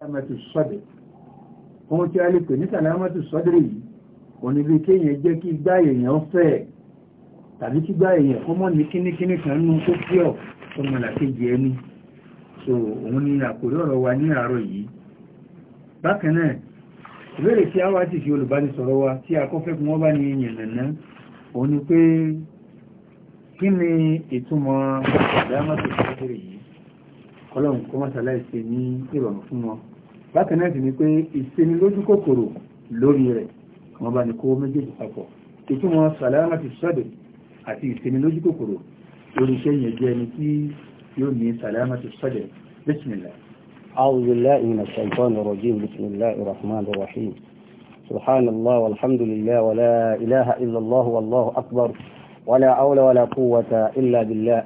sàlámàtù sọ́dẹ̀ ohun tí a lè pè ní sàlámàtù sọ́dẹ̀ yìí òní bí kéèyàn jẹ́ kí igbá èèyàn fẹ̀ tàbí kí igbá èèyàn kọ́ mọ́ ní kíníkíní kan nú tó kí ọ̀ tó mọ̀ làkejì ẹni so òun ni àkórí ọ̀rọ̀ wa ní àárọ̀ yìí bákan náà ìbéèrè tí a wá sì fi olùbánisọ̀rọ̀ wa tí a kọ́fẹ́ fún wọ́n bá ní yànnàná òun ni pé kí ni ìtumọ̀ sàlámàtù sọ́dẹ̀ yìí kọ́lọ́hùn kọ́mọ́sálá ìṣe ní ìrọ̀rùn fún wọn bákan náà sì ni pé ìsinmi lójú kòkòrò lórí rẹ̀ wọ́n bá ní kó méjèèjì papọ̀ ìtumọ̀ sàlámà ti sọ́dọ̀ àti ìsinmi lójú kòkòrò lórí iṣẹ́ yẹn jẹ́ ẹni tí yóò ní sàlámà ti sọ́dọ̀ bísmìlá. أعوذ بالله من الشيطان الرجيم بسم الله الرحمن الرحيم سبحان الله والحمد لله ولا إله إلا الله والله أكبر ولا حول ولا قوة إلا بالله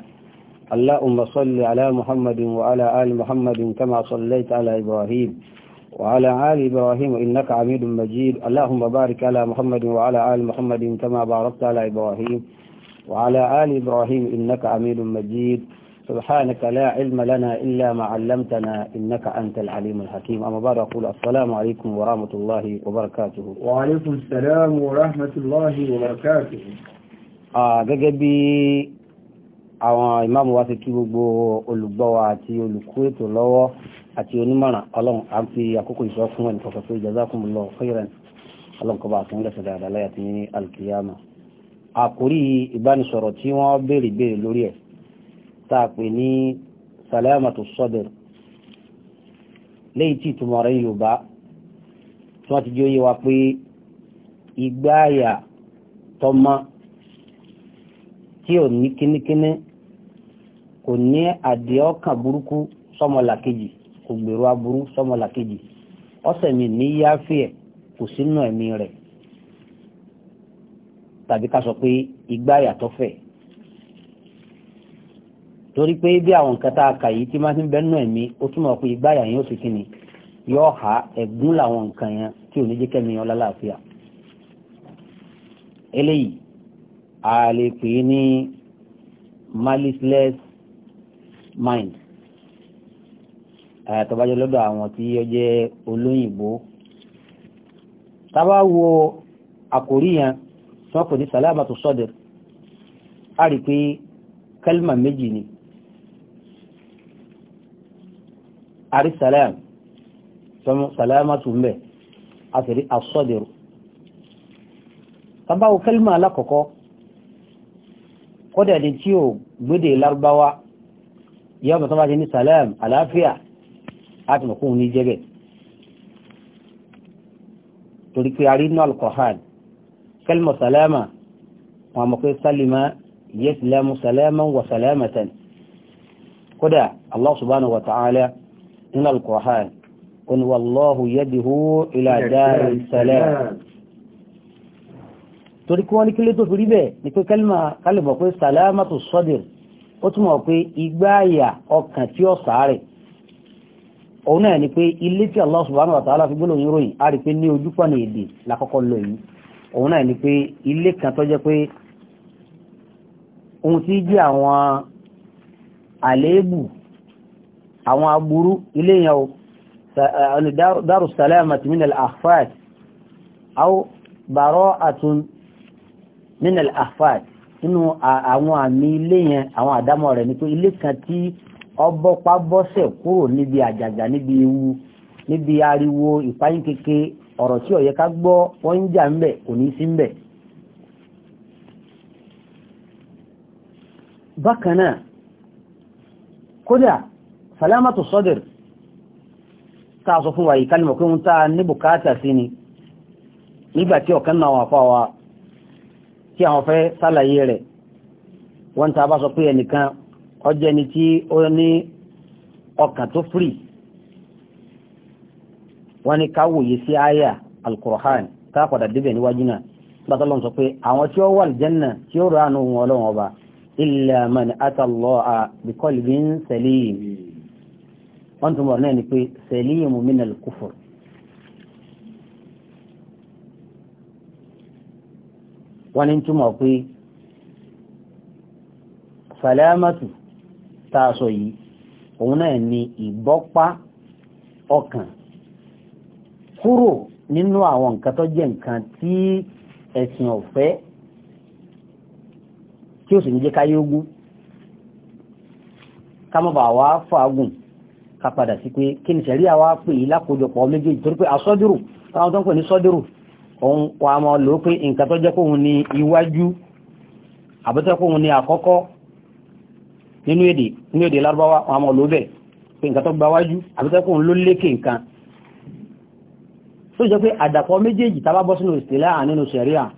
اللهم صل على محمد وعلى آل محمد كما صليت على إبراهيم وعلى آل إبراهيم إنك عميد مجيد اللهم بارك على محمد وعلى آل محمد كما باركت على إبراهيم وعلى آل إبراهيم إنك عميد مجيد سبحانك لا علم لنا إلا ما علمتنا إنك أنت العليم الحكيم أما بعد أقول السلام عليكم ورحمة الله وبركاته وعليكم السلام ورحمة الله وبركاته آه bí àwọn إمام wa ti kí gbogbo olùgbọ́ wa àti onímọ̀ràn ọlọ́run à ń fi àkókò ìṣọ́ fún ẹnì kọ̀ọ̀kan pé jazakumullahu khairan ọlọ́run kọba àti ńlẹ̀sẹ̀ dáadáa láyà ti ní alkiyama àkórí ìbánisọ̀rọ̀ tí wọ́n béèrè béèrè lórí ẹ̀ tá a pè ní salamatu sadr léyìí tí ìtumọ̀ rẹ̀ yorùbá tí wọ́n ti jẹ́ òye wa pé ìgbáàyà tọ́mọ tí ò ní kínníkínní kò ní àdéhọ́kàn burúkú sọ́mọlàkejì. So kò gbèrò aburú sọmọlàkejì ọ̀sẹ̀ mi ní yááfì ẹ̀ kò sínú ẹ̀mí rẹ̀ tàbí ká sọ pé igbá yàtọ̀ fẹ̀ torí pé bí àwọn nǹkan tá a kà yìí tí máa ti ń bẹ́nu ẹ̀mí ó túmọ̀ pé igbá yà yín ó sì kíni yóò ha ẹ̀gún làwọn nǹkan yẹn tí ò ní jẹ́ kẹ́mi ọlá eléyìí a lè pè é ní maliceless mind Eh, tọ́bájọ́ lọ́dọ̀ àwọn tí ó jẹ́ olóyìnbó tàbá wo àkórí yẹn tí wọ́n kò ní sàlámàtò sọ́dẹ̀ a rí pé kálmà méjì ni a rí sàlám sàlámàtò mẹ́ a sì rí asọ́dẹ̀rù tàbá wo kálmà alákọ̀ọ́kọ́ kọ́dẹ̀ ni tí ò gbédè láti mọ̀ kóhun ní jẹ́bẹ̀ torí pé a rí inú alkohol kẹlmọ̀ sàlámà wọn mọ̀ pé sálìmá yẹ́sìlámù sàlámà wà sàlámà tán kódà Allah subhanahu wa ta'ala inú alkohol kun wallahu yadihu ila dari salam torí kí wọ́n ní kílé tó fi rí bẹ́ẹ̀ ni pé kálìmọ̀ pé sàlámà tó sọ́dìr ó túnmọ̀ pé igbáyà ọkàn tí ó sàárẹ̀ òun náà ni pé ilé tí Allah subhanahu wa ta'ala fi gbólóhùn yín ròyìn a rí pé ní ojú pọ̀nà èdè lákọ́kọ́ lọ yìí òun náà ni pé ilé kan tó jẹ́ pé ohun tí jẹ́ àwọn àléébù àwọn aburú ilé yẹn o daru salamati min al-ahfad aw bara'atun min al-ahfad nínú àwọn àmì ilé yẹn àwọn àdámọ̀ rẹ̀ ni pé ilé kan tí ọbọ̀pá bọ́sẹ̀ kúrò níbi àjàjà níbi ewu níbi ariwo ìpáyín keke ọ̀rọ̀ tí ó ká gbọ́ wọ́n ń jà ń bẹ̀ kò ní sí ń bẹ̀. bákanáà kódà salamatu táa sọ fún wa yìí pé wọ́n táa ní sí ni ọ̀kan náà wà fáwa tí sọ pé ẹnìkan ọjọ́ ẹni tí ó ní ọkàn tó firi wọ́n ní ká wòye sí àyà alukur'an ká padà débẹ̀ níwájú náà bàtà lọ́n sọ pé àwọn tí ó wà lìjẹ́nà tí ó ránú wọn ọlọ́wọ́n ọba illa man ata Allaha bi qalbin salim wọ́n tún bọ̀ náà ni pé salim min al-kufr wọ́n ní túmọ̀ pé salamatu tá a sọ yìí òun náà ni ìbọ́pá ọkàn kúrò nínú àwọn nǹkan tó jẹ́ nǹkan tí ẹ̀sìn ọ̀fẹ́ tí ó sì ní jẹ́ káyé ogún ká má bàa wá fàágùn ká padà sí pé kí ni sẹ̀rí àwa pè yí lákòójọpọ̀ méjèèjì torí pé àsọdúrù táwọn tó ń pè ní sọdúrù òun wà á lò ó pé nǹkan tó jẹ́ kóhun ní iwájú àbótẹ́kóhun ní àkọ́kọ́ nínú èdè nínú èdè lárúbáwá wọn àmọ́ ló bẹ̀ pé nǹkan tó gba wájú àbíkẹ́kùn ló lékè nǹkan tó jẹ́ pé àdàpọ̀ méjèèjì tá bá bọ́ sínú ìsìlẹ̀ àánínú sẹ̀ríà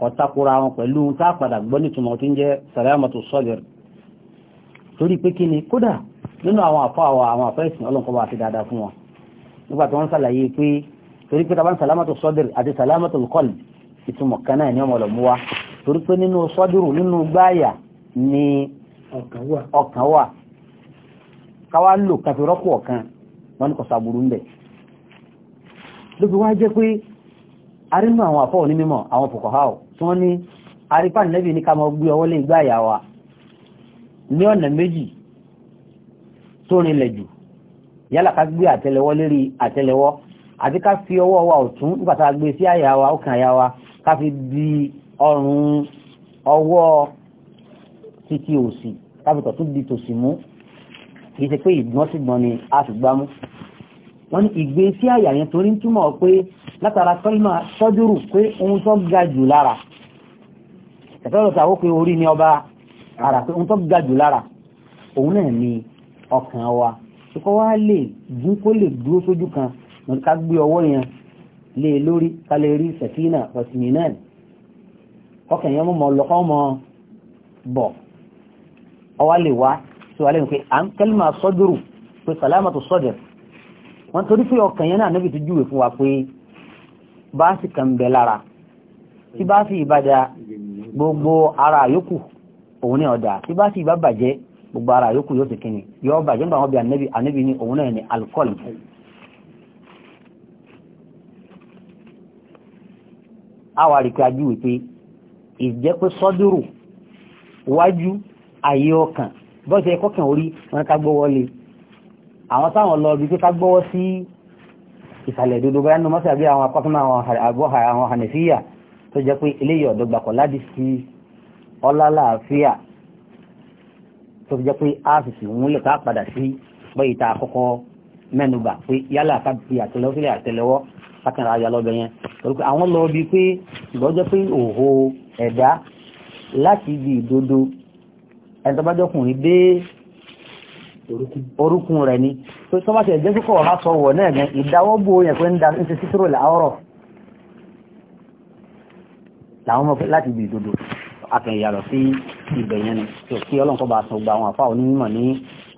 ọ̀takura wọn pẹ̀lú tá padà gbọ́ nítumọ̀ tó ń jẹ́ sàlámàtò sọ́bìr torí pé kí ni kódà nínú àwọn àfọ́ àwọn àwọn àfẹ́ ìsìn ọlọ́nkọ́ bá ti dáadáa fún wọn nígbà tí wọ́n ń sàlàyé pé torí pé tá bá sàlámàtò sọ́bìr àti sàlámàtò kọ́lì ìtumọ̀ kan náà ni ọmọ ọlọ́mú wa torí pé nínú sọ́dúrù nínú gbáyà ni ọkàn wà káwá lò káfí rọ́pò ọ̀kan wọ́n ní kọ̀sà burú ń bẹ̀ lóbi wá jẹ́ pé arínú àwọn àfọ́ ní mímọ̀ àwọn fòkọ̀háwọ̀ tí wọ́n ní arípa nẹ́bì ní ká mọ́ gbé ọwọ́ lé igbá ìyá wa ní ọ̀nà méjì tó rinlẹ̀ jù yálà ká gbé àtẹ́lẹwọ́ lérí àtẹ́lẹwọ́ àti ká fi ọwọ́ wa ọ̀tún nígbà tá a gbé sí àyà wa ọkàn àyà wa ká fi di ọrùn ọwọ́ títí òsì tábìtọ̀ tó di tòsí mú kìí ṣe pé ìgbọ́n sí gbọ́n ni a sì gbá mú wọ́n ní ìgbé sí àyà yẹn torí ń túmọ̀ pé látara kọ́límà sọ́júrù pé ohun tó ga jù lára ẹ̀fẹ́rọ̀ sàwó pé orí ni ọba ara pé ohun tó ga jù lára òun náà ni ọkàn wa ṣùkọ́ wá lè dún kó lè dúró sójú kan ká gbé ọwọ́ yẹn lé e lórí ká lè ọwá lè wá tí wà lẹ́yìn pé à ń kẹ́lìmà sọ́dúrù pé sàlámàtò sọ́dẹ̀ wọ́n torí pé ọkàn yẹn náà níbi ti júwe fún wa pé báàsì kan bẹ lára tí báàsì ìbàdà gbogbo ara yòókù òun ní ọ̀dà tí báàsì ìbá bàjẹ́ gbogbo ara yòókù yóò ti yóò bàjẹ́ nígbà àyè ọkàn bọ́sẹ̀ kọ́kàn orí wọn ká gbọ́wọ́ lé àwọn táwọn lọ bí pé ká gbọ́wọ́ sí ìsàlẹ̀ dodo bá yánú mọ́sẹ̀ àbí àwọn apákan àwọn àbọ̀ àwọn hànẹ́fíyà tó jẹ́ pé eléyìí ọ̀dọ́gba kọ̀ láti fi ọlá láàfíà tó jẹ́ pé a sì sì múlẹ̀ ká padà sí bọ́yìí tá a kọ́kọ́ mẹ́nubà pé yálà ká fi àtẹlẹwọ́ láti ibi ìdodo ẹni tó bá jọkùnrin dé orúkún rẹ̀ ni tó bá ṣe jẹ́ kíkọ̀ ọ̀há sọ̀wọ̀ náà gan ìdáwọ́bò yẹn pé ń da ń ṣe sítírò láàárọ̀ làwọn ọmọ láti ibi ìdodo akẹ̀yà lọ sí ibẹ̀ yẹn ni tó kí ọlọ́nkọ́ bá sọ gba àwọn àfáà onímọ̀ ní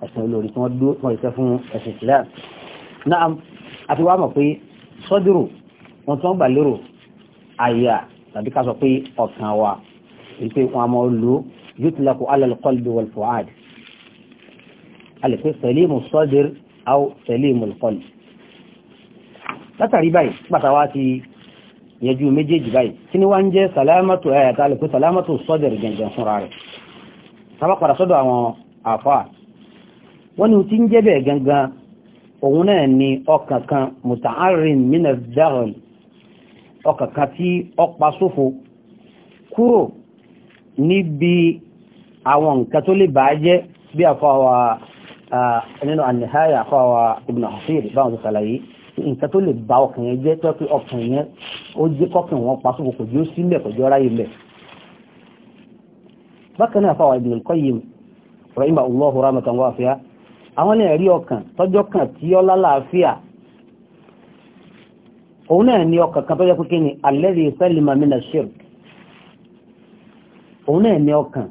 ẹ̀sìn olórí tí wọ́n dúró tí wọ́n iṣẹ́ fún ẹ̀sìn ìsìlẹ̀ náà àti wá mọ̀ يطلق على القلب والفعاد الف سليم الصدر أو سليم القلب látàrí báyìí pàtàwà ti yẹjú méjèèjì báyìí tí ni wá ń jẹ́ salamatu ẹ̀yàtà alìkú salamatu sọ́dẹ̀rì gẹ̀gẹ̀ fúnra rẹ̀ sábàpàdà sọ́dọ̀ àwọn àfáà wọ́n ni tí ń jẹ́ bẹ̀ẹ̀ gangan òun náà ni ọkàn kan mutaarin minas darul ọkàn kan tí ó pa sófo kúrò níbi àwọn nǹkan tó lè bàá jẹ́ bí àfọwà nínú àníháyà àfọwà ibn hasir báwọn tó sàlàyé nǹkan tó lè bá ọkàn yẹn jẹ́ tó pé ọkàn yẹn ó jẹ́ kọ́kàn wọn pa sókò kò jẹ́ sílẹ̀ kò jẹ́ ráyè lẹ̀ bákan náà àfọwà ibn al-qayyim rahima allahu rahmatan wa fiha àwọn náà rí ọkàn tọ́jọ́ kan tí ó lálàáfíà òun náà ni ọkàn kan tó yẹ kí ni alladhi salima min ash òun náà ni ọkàn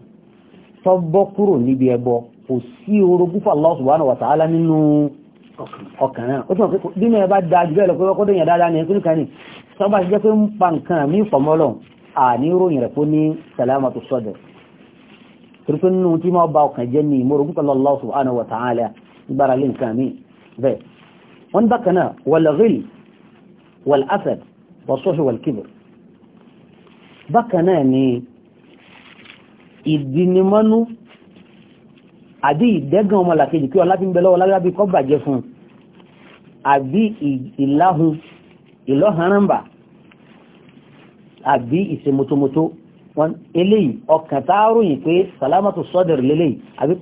tọ́bọ́ kúrò níbi ẹbọ kò sí orogún fún Allah subhanahu wa ta'ala nínú ọkàn náà ó túnmọ̀ pé bí mẹ́rin bá da jù bẹ́ẹ̀ lọ pé ọkọ́ dẹ̀yìn dáadáa ní ẹkùn kan ní tọ́bà ti jẹ́ pé ń pa nǹkan mí fọmọ́lọ̀ àní ròyìn rẹ̀ fún ní sàlámà tó nínú tí máa ba ọkàn jẹ́ ní ìmọ̀rogún pẹ̀lú Allah subhanahu wa ta'ala gbára lé nǹkan mí bẹ́ẹ̀ wọ́n bákan náà wal ghil wal hasad wal suhsh wal kibr bákan náà ni ìdínimọ́nú àbí ìdẹ́gàn ọmọ làkejì kí ọlá fi ń bẹ lọ́wọ́ lábẹ́ kọ́ bàjẹ́ fún àbí ìláhun ìlọ́hànránbà àbí ìsemotomoto wọn eléyìí ọkàn táàrùyìn pé salamatu sọ́dẹ̀r lélẹ́yìí àbí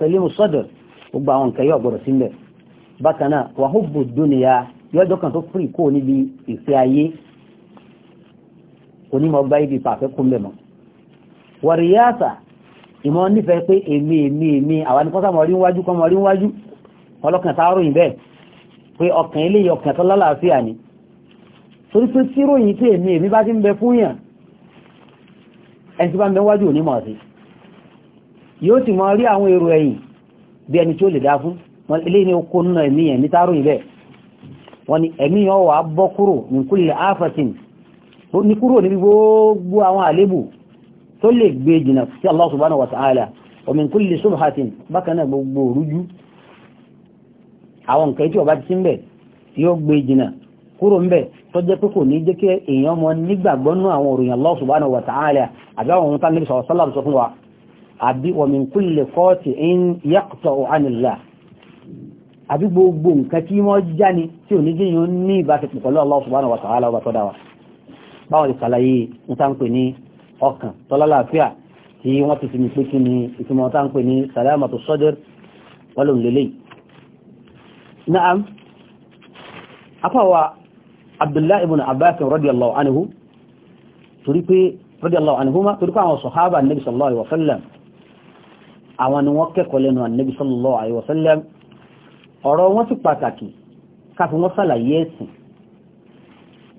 salimu sọ́dẹ̀r gbogbo àwọn nǹkan yóò gbọ́dọ̀ sílẹ̀ bákan náà wàhùbù dúnìyà yọjọ́ kan tó fún ìkó wàríyáàsà ìmọ̀ nífẹ̀ẹ́ pé èmi èmi èmi àwọn ní kọ́sàmọ̀ rí wájú kọmọ̀ rí wájú ọlọ́kàn sááròyìn bẹ́ẹ̀ pé ọkàn ilé ọkàn tó lálàáfíà ni torí pé tí ròyìn tí èmi èmi bá ti ń bẹ fún yàn ẹni tí bá ń bẹ wájú òní mọ̀ sí yóò sì mọ rí àwọn èrò ẹ̀yìn bí ẹni tí ó lè dá fún wọn ilé ní oko nínú ẹ̀mí yẹn ní tááròyìn bẹ́ẹ̀ ni ẹ̀mí yẹn wà bọ́ kúrò ní kúlẹ̀ áfàsìn ní kúrò níbi gbogbo àwọn àlébù tó lè gbé jìnà sí Allah subhanahu wa ta'ala wa min kulli subhatin bákan náà gbogbo òrújú àwọn nǹkan tí ọba ti ń bẹ̀ tí ó gbé jìnà kúrò ń bẹ̀ tó jẹ́ pé kò ní jẹ́ kí èèyàn mọ nígbàgbọ́ nú àwọn òròyìn Allah subhanahu wa ta'ala àbí àwọn ohun tánilé sọ̀rọ̀ sọ́lá sọ fún wa àbí wa min kulli qati'in yaqta'u 'anillah àbí gbogbo nǹkan tí wọ́n já ni tí ò ní jẹ́ yóò ní ìbáṣepọ̀ Allah subhanahu wa ta'ala ọba tó dáwà báwọn ìsàlàyé ń tá ń pè ní ọkàn tọ́lálàáfíà tí wọ́n ti fi ní pé kí ni ìtumọ̀ tá ń pè ní sàlámàtò sọ́dẹ̀r wọ́lùm lélẹ̀ na'am afáwa abdullahi ibn abbas radiyallahu anhu torí pé radiyallahu anhu ma torí pé àwọn sọ̀hábà nabi sallallahu alaihi wasallam àwọn ni wọ́n kẹ́kọ̀ọ́ lẹ́nu annabi sallallahu alaihi wasallam ti pàtàkì káfí wọ́n sàlàyé ẹ̀sìn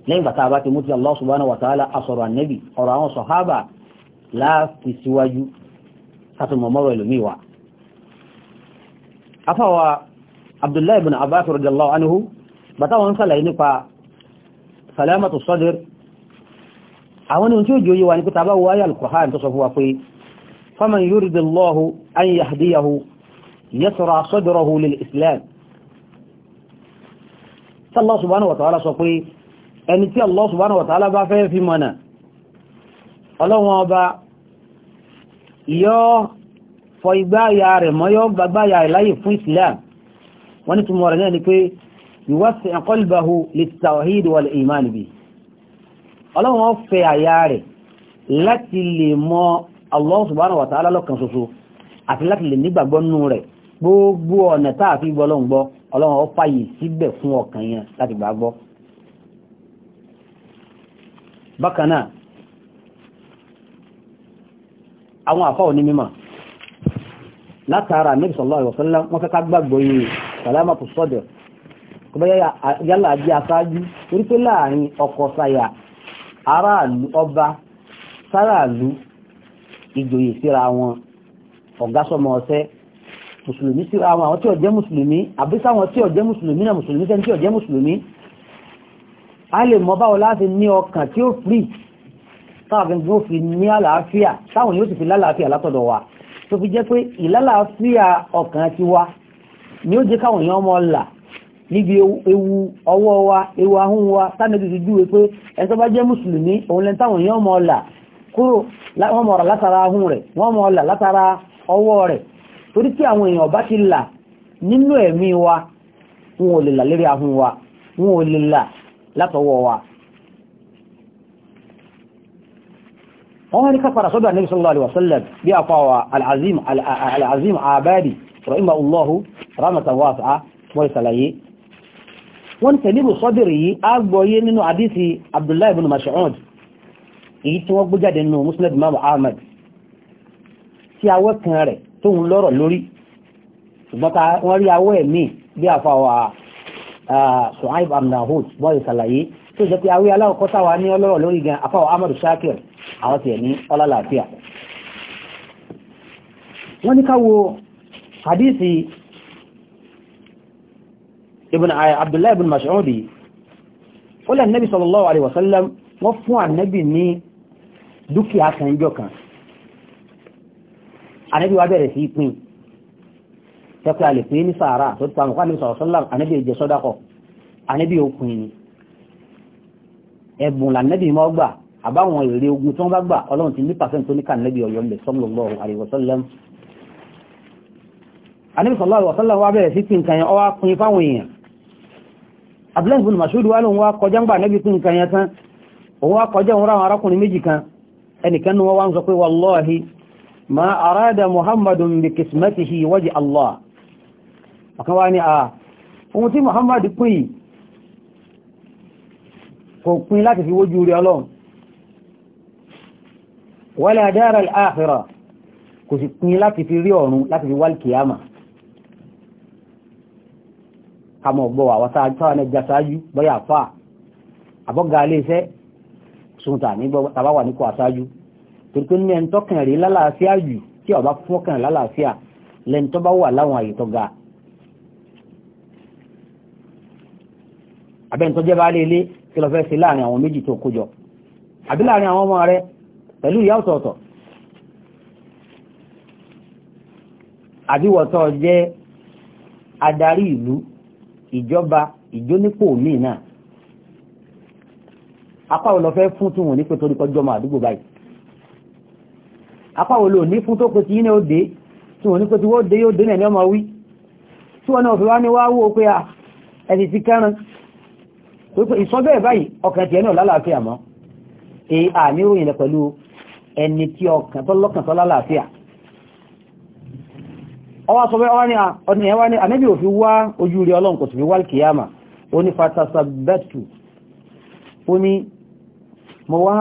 lẹ́yìn bàtà bá ti mú ti Allah subhanahu wa ta'ala asọ̀rọ̀ ànẹ́bì ọ̀rọ̀ àwọn sọ̀hábà láàfi síwájú kátùmọ̀mọ́rọ̀ ìlúmíwà afáwa abdullahi ibn abbas radiyallahu anhu bàtà wọn sàlàyé nípa salamatu sadr àwọn ohun tí ó jòyè wa ní pé tàbá wáyé al-Qur'an tó sọ fún wa pé faman yuridillahu an yahdiyahu yasra sadrahu lil islam sallallahu subhanahu wa ta'ala sọ pé ẹni tí Allah subhanahu wa ta'ala bá fẹ́ fi mọ̀nà ọlọ́wọ́n ọba yọ́ fọ igbáyà rẹ̀ mọ́ yọ́ gbàgbáyà ìláyè fún Islam wọ́n ní túnmọ̀ rẹ̀ náà ni pé ìwọ́sí qalbahu lit-tawhid wal-iman bi ọlọ́wọ́n fẹ́ àyà rẹ̀ láti lè mọ Allah subhanahu wa ta'ala lọ́kan ṣoṣo àti láti lè nígbàgbọ́ bákan náà àwọn àfá òní mímọ̀ látara Ànábì sallallahu alaihi wasallam wọ́n fẹ́ ká gbàgbọ́ yìí sàlámà tó sọ́dọ̀ kò bá yálà jẹ́ aṣáájú torí pé láàrin ọkọ sáyà aráàlú ọba sáráàlú ìjòyè síra wọn ọ̀gá sọmọ ọ̀sẹ́ mùsùlùmí síra wọn àwọn tí ó jẹ́ mùsùlùmí tí ó jẹ́ náà mùsùlùmí sẹ́ni tí ó jẹ́ a lè mọ ọlaafi láti ní ọkàn tí ó free táwọn fi ní àlàáfíà yóò sì fi lálàáfíà látọ̀dọ̀ wa tó fi jẹ́ pé ìlálàáfíà ọkàn ti wa ni ó jẹ́ káwọn èèyàn níbi ewu ọwọ́ wa ewu ahun wa ti júwe pé ẹ̀sọ́ bá jẹ́ mùsùlùmí òun wọn ò wa wọn látọwọ́ wa wọ́n ní kápàdà sọ́dọ̀ Ànábì sallallahu alaihi wasallam bí a fáwà al-Azim al-Azim Abadi rahimahullahu rahmatan wasi'a wọ́n sàlàyé wọ́n tẹ̀lébù sọ́dìrì yìí a gbọ́yé nínú àdísì Abdullahi ibn Mas'ud èyí tí wọ́n gbójáde Ah, Suhaib amdahud bọ́ọ̀lù sàlàyé tó jẹ́ pé awé aláwọ̀kọ́ sáwà ní ọlọ́rọ̀ lórí gan afáwọ̀ Ahmadu Shakir àwọn tiẹ̀ ní ọlálàáfíà wọ́n ní káwo hadisi ibn ah, Abdullahi ibn Mas'udi ó lẹ́ nẹ́bí sallallahu alaihi wasallam wọ́n fún ànẹ́bì ní dúkìá kan jọ kan ànẹ́bì wa bẹ̀rẹ̀ sí pín tẹ́kọ̀ a lè pè ní sàárà tó ti pàmùkọ́ àníbi sọ̀rọ̀ sọ́lá àníbi ìjẹ sọ́dákọ̀ àníbi okùn ni ẹ̀bùn lànẹ́bì mọ́ gbà àbáwọn èrè ogun tó ń bá gbà ọlọ́run ti ní pàṣẹ́n tó ní kànẹ́bì ọ̀yọ́ lè sallallahu alaihi wasallam àníbi sallallahu alaihi wasallam wá bẹ̀rẹ̀ sí pín nǹkan yẹn ọwá pín fáwọn èèyàn Abdullahi bin Mas'ud wà lóun wá ẹnìkan ni wọ́n wá ń sọ pé wallahi ma arada Muhammadun bi kismatihi wajh Allah ọ̀kan wá ní àà ohun tí Muhammad pín yìí kò pín láti fi wójú rí ọlọ́run wala dara al-akhirah kò sì pín láti fi rí ọ̀run láti fi wal kìyàmà kàmọ̀ gbọ́ àwọn sáwọn ẹja sáájú bọ́yà fà àbọ́gà aléeṣẹ́ sunta ní wà nípò àsáájú ní ẹni tọ́kàn rí lálàáfíà bá wà láwọn àyè ga abẹ́ni tó jẹ́ baálé ilé kí lọ fẹ́ ṣe láàrin àwọn méjì tó kójọ àbí láàrin àwọn ọmọ rẹ pẹ̀lú ìyá ọ̀tọ̀ọ̀tọ̀ àbíwọ̀tọ̀ jẹ́ adarí ìlú ìjọba ìjónípò míì náà apá wo lọ fẹ́ fún tí wọ́n ní pé torí kọjọ́ máa àdúgbò báyìí apá wo lò ní fún tó pé tí yínà ó dé tí wọ́n ní pé tí wọ́n dé yóò dé nẹ̀ ní ọmọ wí tí wọ́n náà fi wá ní wá wó pé à ẹ̀sì ti kẹrin pípẹ́ ìsọ́bẹ̀ báyìí ọkàn tiẹ̀ náà lálàáfíà mọ́ èyí àmì òyìn rẹ̀ pẹ̀lú ẹni tí ọkàn tó lọ́kàn tó lálàáfíà ọwá sọ bẹ́ẹ̀ ọdún ẹwà ní ànẹ́bí ò fi wá ojú rí ọlọ́run kò sì fi wá kìyàmà ó ní fatasabẹ́tù ó ní mo wá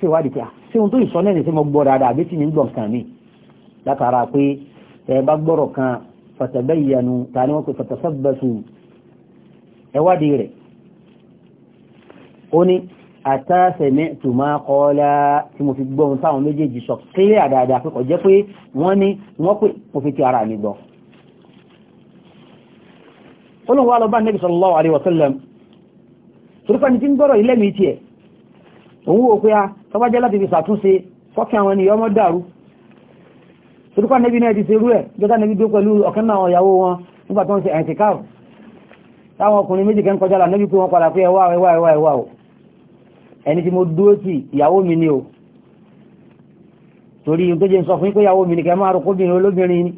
síwádìí pé sí ohun tó ìsọ náà ní sí mo gbọ́ dáadáa àbí tí ẹwádìí rẹ̀ ó ní àtàsẹ̀mẹ́ tó máa kọ́ọ́lá tí mo fi gbọ́ ohun táwọn méjèèjì sọ kílẹ̀ àdáadáa pé kò jẹ́ pé wọ́n ní wọ́n pè mo fi ti ara mi gbọ́ olóhùn wa lọ bá nẹ́bí sallallahu alaihi wasallam torípa ní tí ń gbọ́rọ̀ ilé mi tiẹ̀ òun wò pé a tọ́bájẹ́ láti fi sàtúnṣe fọ́kẹ́ àwọn ènìyàn ọmọ dàrú torípa nẹ́bí náà ti ṣe rú ẹ̀ jọ́ta nẹ́bí dó pẹ̀lú ọ̀kan náà ìyàwó wọn nígbà ń ṣe ẹ̀ǹtìkáàrù táwọn ọkùnrin méjì kẹ́ ń kọjá là nẹ́bí pé wọ́n padà pé ẹwà ẹwà ẹwà ẹwà o ẹni tí mo dúró tì ìyàwó mi ni o torí ohun tó jẹ́ sọ fún pé ìyàwó mi ni kẹ́ máa rọ kóbìnrin olóbìnrin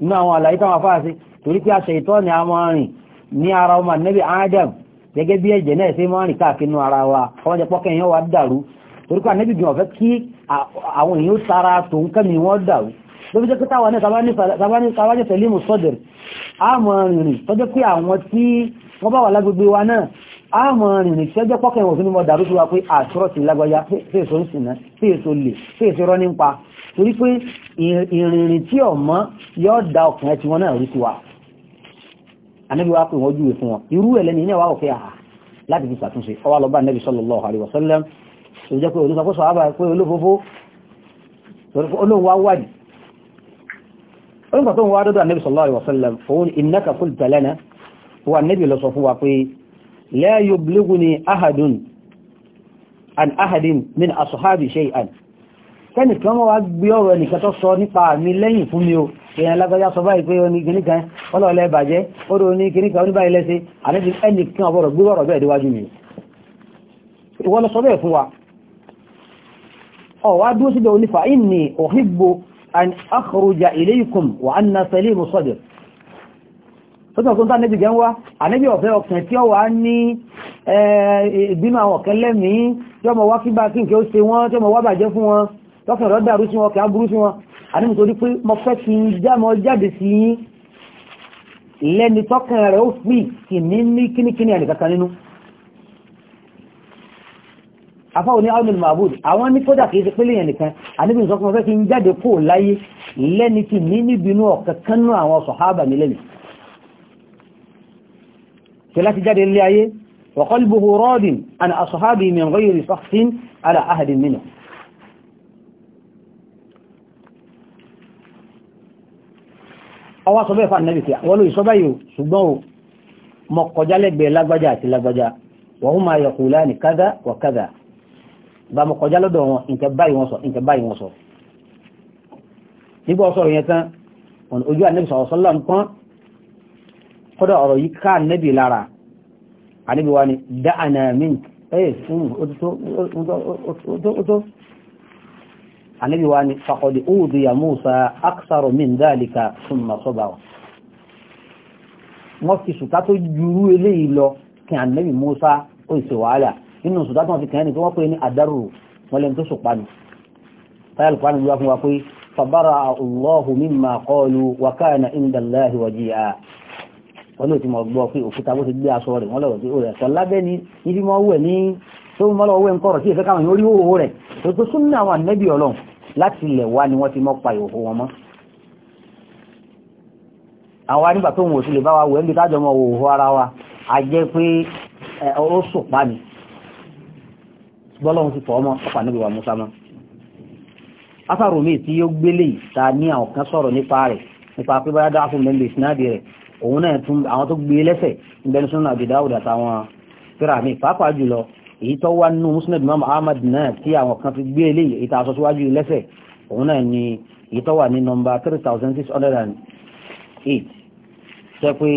inú àwọn àlàyé táwọn afáàsí torí pé aṣọ ìtọ́ ni a máa rìn ní ara ọmọ nẹ́bí Adam gẹ́gẹ́ bí ẹ̀jẹ̀ náà ṣe máa rìn káàkiri inú ara wa ọmọdé pọ́kẹ́ èèyàn wa dàrú torí pé anẹ́bí gbìyànjú fẹ́ kí àwọn èèyàn tara tó ń kẹ́mi wọ́n dàrú lóbi jẹ́ pé táwọn náà tàbá ní tẹ̀lé mùsọ́dẹ̀rẹ̀ á máa rìn rìn wọ́n bá wà lágbègbè wa náà a mọ̀ rìn rìn ṣẹ́jọ́ pọ́kẹ̀ ìwọ̀n fún mọ́ dàrú tó wá pé àṣírọ̀ sí lágbàáyá fèèso ń sìnà fèèso lè fèèso rọ́ nípa torí pé ìrìnrìn tí ọmọ yóò da ọkùnrin tí wọ́n náà rí tiwa anábí wá pé wọ́n júwe fún wọn irú ẹ̀ lẹ́ni ìyẹn wá òfin àhà láti fi ṣàtúnṣe ọwá lọ bá nẹ́bí sallallahu alaihi wasallam tó jẹ́ pé olùsọ fọ́sọ àbá pé olófófó olóhùn wá wádìí olùkọ́ tó ń wá dọ́dọ̀ la yublighuni ahadun an ahadin min ashabi shay'an kẹ́nì kan wọ́n wá gbé ọ̀rọ̀ ẹnìkan tó sọ nípa mi lẹ́yìn fún mi o èèyàn lágbàjá sọ báyìí pé ó ní kìníkan ọlọ́ọ̀lẹ́ ìbàjẹ́ ó rò ní kìníkan oníbàyìí lẹ́sẹ̀ àlẹ́sì ẹnìkan ọ̀bọ̀rọ̀ gbé ọ̀rọ̀ bẹ́ẹ̀ déwájú mi ìwọ́n lọ sọ tọ́tọ̀ tó ń tán níbi gẹ́ ń wá àníbí ọ̀fẹ́ ọ̀kẹ́ tí ó wà ní ìbínú àwọn ọ̀kẹ́ lẹ́mìí tí ọmọ wá kígbà kí n kí ó ṣe wọ́n tí ọmọ wá bàjẹ́ fún wọn tọ́kẹ̀ rọ́ dàrú sí wọn kẹ́ aburú sí wọn àníbí torí pé mo fẹ́ kí n jámọ́ jáde sí yín lẹ́ni tọ́kẹ̀ rẹ̀ ó pì kì ní ní kíníkíní ẹnìkankan nínú afáwọn tó láti jáde ilé ayé wa qalbuhu radin an ashabi min ghayri shakhsin ala ahadin minhum ọwá sọ bẹ́ẹ̀ fà nẹ́bì tí wọ́n ló ìsọ báyìí ṣùgbọ́n o mọ̀ kọjá lẹ́gbẹ̀ẹ́ lágbájá àti lágbájá wa huma yaqulani kadha wa kadha bá mọ̀ kọjá lọ́dọ̀ wọn nǹkan báyìí wọ́n sọ nǹkan báyìí wọ́n sọ nígbà ọ̀sọ̀rọ̀ yẹn tán ojú ànẹ́bì sọ̀rọ̀ nǹkan kódà ọ̀rọ̀ yìí ká nẹ́bì lára àníbi wa ni dáàna min ẹ̀ fún òtútó àníbi wa ni fàkọ̀dì òòdù ya Musa aksaro min dálika fún masọba wọ́n fi ṣùká tó jùrú ilé ìlọ kí ànẹ́bì Musa ó ìsè wàhálà nínú ṣùká tó wọ́n fi kẹ́ẹ̀ni tó wọ́n pè ní àdárò wọ́n lẹ́nu tó ṣùpá ni táyàlù kwanu yíwá fún wa pé fàbára Allahu wa kana wọ́n lóò ti mọ̀ gbọ́ pé òkúta bó ti gbé aṣọ rẹ̀ wọ́n lọ́wọ́ sí ó rẹ̀ sọ lábẹ́ ní ibi mọ́ wẹ̀ ní tó mọ́ lọ́wọ́ ń kọ̀rọ̀ sí ìfẹ́ káwọn orí òwò rẹ̀ tó tó sún ní àwọn ànẹ́bí ọlọ́run láti ilẹ̀ wá ni wọ́n ti mọ́ pa ìhòhò wọn mọ́ nígbà tó ò sì lè bá wa wẹ̀ ń tájọ mọ́ òhò ara wa a jẹ́ pé ó sùn pa ni bọ́lọ́run ti tọ́ ọ̀pá níbi wa musa mọ́ afárò mi tí yóò gbélé òun náà tún àwọn tó gbé e lẹ́sẹ̀ ìbẹ̀nu súnà Abi Dawud àtàwọn fẹ́ra mi pàápàá jùlọ èyí tó wá nínú Musnad Imam Ahmad náà tí àwọn kan fi gbé ilé e ìta aṣọ síwájú lẹ́sẹ̀ òun náà ni èyí tó wà ní nọmba 3608 sọ pé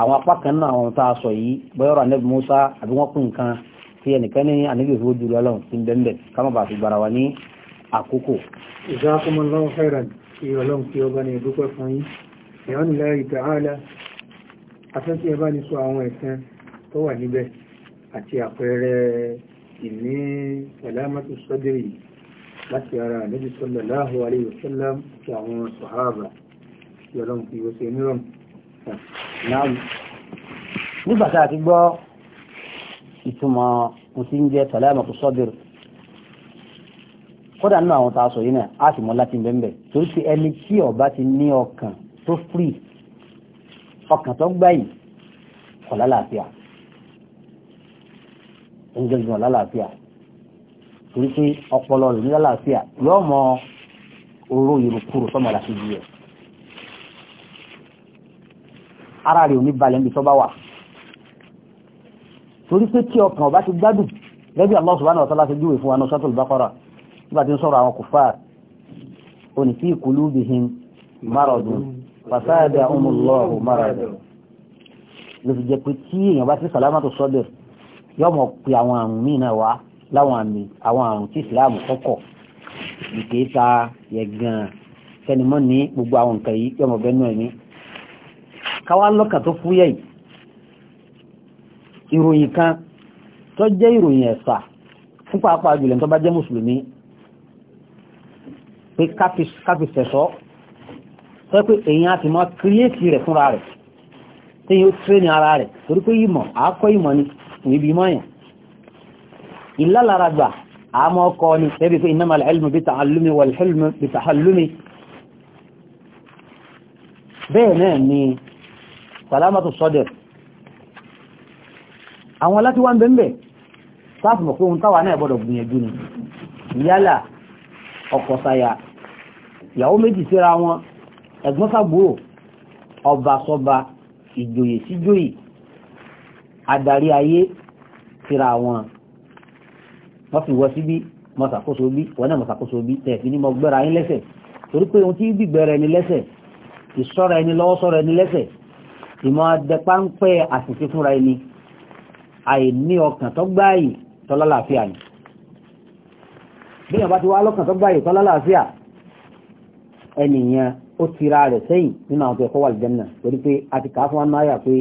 àwọn apá kan náà àwọn tá a sọ yìí bọ́yọ̀rọ̀ Ànábì Musa àbí wọ́n pín nǹkan tí ẹnìkan ní Ànábì òfin ojú lọ́lọ́run ti ń bẹ́ẹ̀ ká má bàa fi gbàrà wá ní àkókò. ìjà kọmọlọ́wọ́ fẹ́ràn kí ọlọ́run kí ọba ní ìdúpẹ́ fún yín ìhánù láì tààlà afẹ́ tí ẹ bá ní sọ àwọn ẹ̀sán tó wà níbẹ̀ àti àpẹẹrẹ ìní ẹ̀lámàtò sọ́dẹ̀rì láti ara ànábì sallallahu alaihi wasallam àti àwọn sàhábà yọlọ́n fi wọ́sẹ̀ mìíràn nígbà tá a ti gbọ́ ìtumọ̀ mo ti ń jẹ́ ẹ̀lámàtò sọ́dẹ̀rì ó bá ní ọkàn tó free ọkàn tó gbẹ̀yìn kò lálàáfíà oúnjẹ́gbọ̀n lálàáfíà torí pé ọpọlọ rẹ̀ ní lálàáfíà yóò mọ oró ìrùkúrò tọ́mọ láti di ẹ̀ ara rẹ̀ ò ní balẹ̀ níbi tó bá wà torí pé tí ọkàn ọba ti gbádùn gẹ́gẹ́ Allah subhanahu wa ta'ala ti júwe fún wa ní Suratul Baqara nígbà tí ń sọ̀rọ̀ àwọn kùfà òní fi qulubihim maradun fàsáàdà ọmọlọ́ọ̀hùn mara rẹ̀ ló fi jẹ́ pé tí èèyàn bá sí sàlámà tó sọ́dẹ̀ yóò mọ̀ pé àwọn àrùn míì náà wá láwọn àmì àwọn àrùn tí ìsìláàmù kọ́kọ̀ ìké ta yẹ gan-an kẹ́nimọ́ ní gbogbo àwọn nǹkan yìí yóò mọ̀ bẹ́ẹ̀ náà ní. káwá lọ́kà tó fúyẹ́ yìí ìròyìn kan tó jẹ́ ìròyìn ẹ̀sà fún pàápàá jùlọ tó bá jẹ́ mùsùlùmí pé káfíṣẹ̀sọ́ sọ pé èyàn àti mọ́ kíríètì rẹ̀ fúnra rẹ̀ tí yóò tré ní ara rẹ̀ torí pé ìmọ̀ àkọ́ ìmọ̀ ni níbi mọ́yàn ìlàláragbà àmọ́ ọkọ̀ ni ẹbí pé innamal ilmu bit-ta'allumi wal-hilmu bit-ta'allumi bẹ́ẹ̀ náà ni salamatu sadr àwọn aláti wá ń bẹ̀m̀bẹ̀ ẹ̀gbọ́n sàbúrò ọba sọba ìjòyè síjòyè adarí ayé tira wọn wọ́n fi wọ́ síbí mọ́sàkóso bí wọ́n náà mọ́sàkóso bí tẹ̀fí ní mọ́ gbẹ́ra yín lẹ́sẹ̀ torí pé ohun tí gbígbẹ̀rẹ̀ ni lẹ́sẹ̀ ìṣọ́ra ẹni lọ́wọ́ sọ́ra ẹni lẹ́sẹ̀ ìmọ̀ adẹ́páńpẹ́ àṣìṣe fúnra ẹni àìní ọkàn tó gbáyì tọ́lálàáfíà ni bí ìyàn bá ti wá lọ́kàn tó gbáyì tọ́lálàáfíà ẹnìyàn ó tira rẹ̀ sẹ́yìn nínú àwọn tó ẹ̀kọ́ wà lìjẹ́nà torí pé a ti kàá fún wa náà yà pé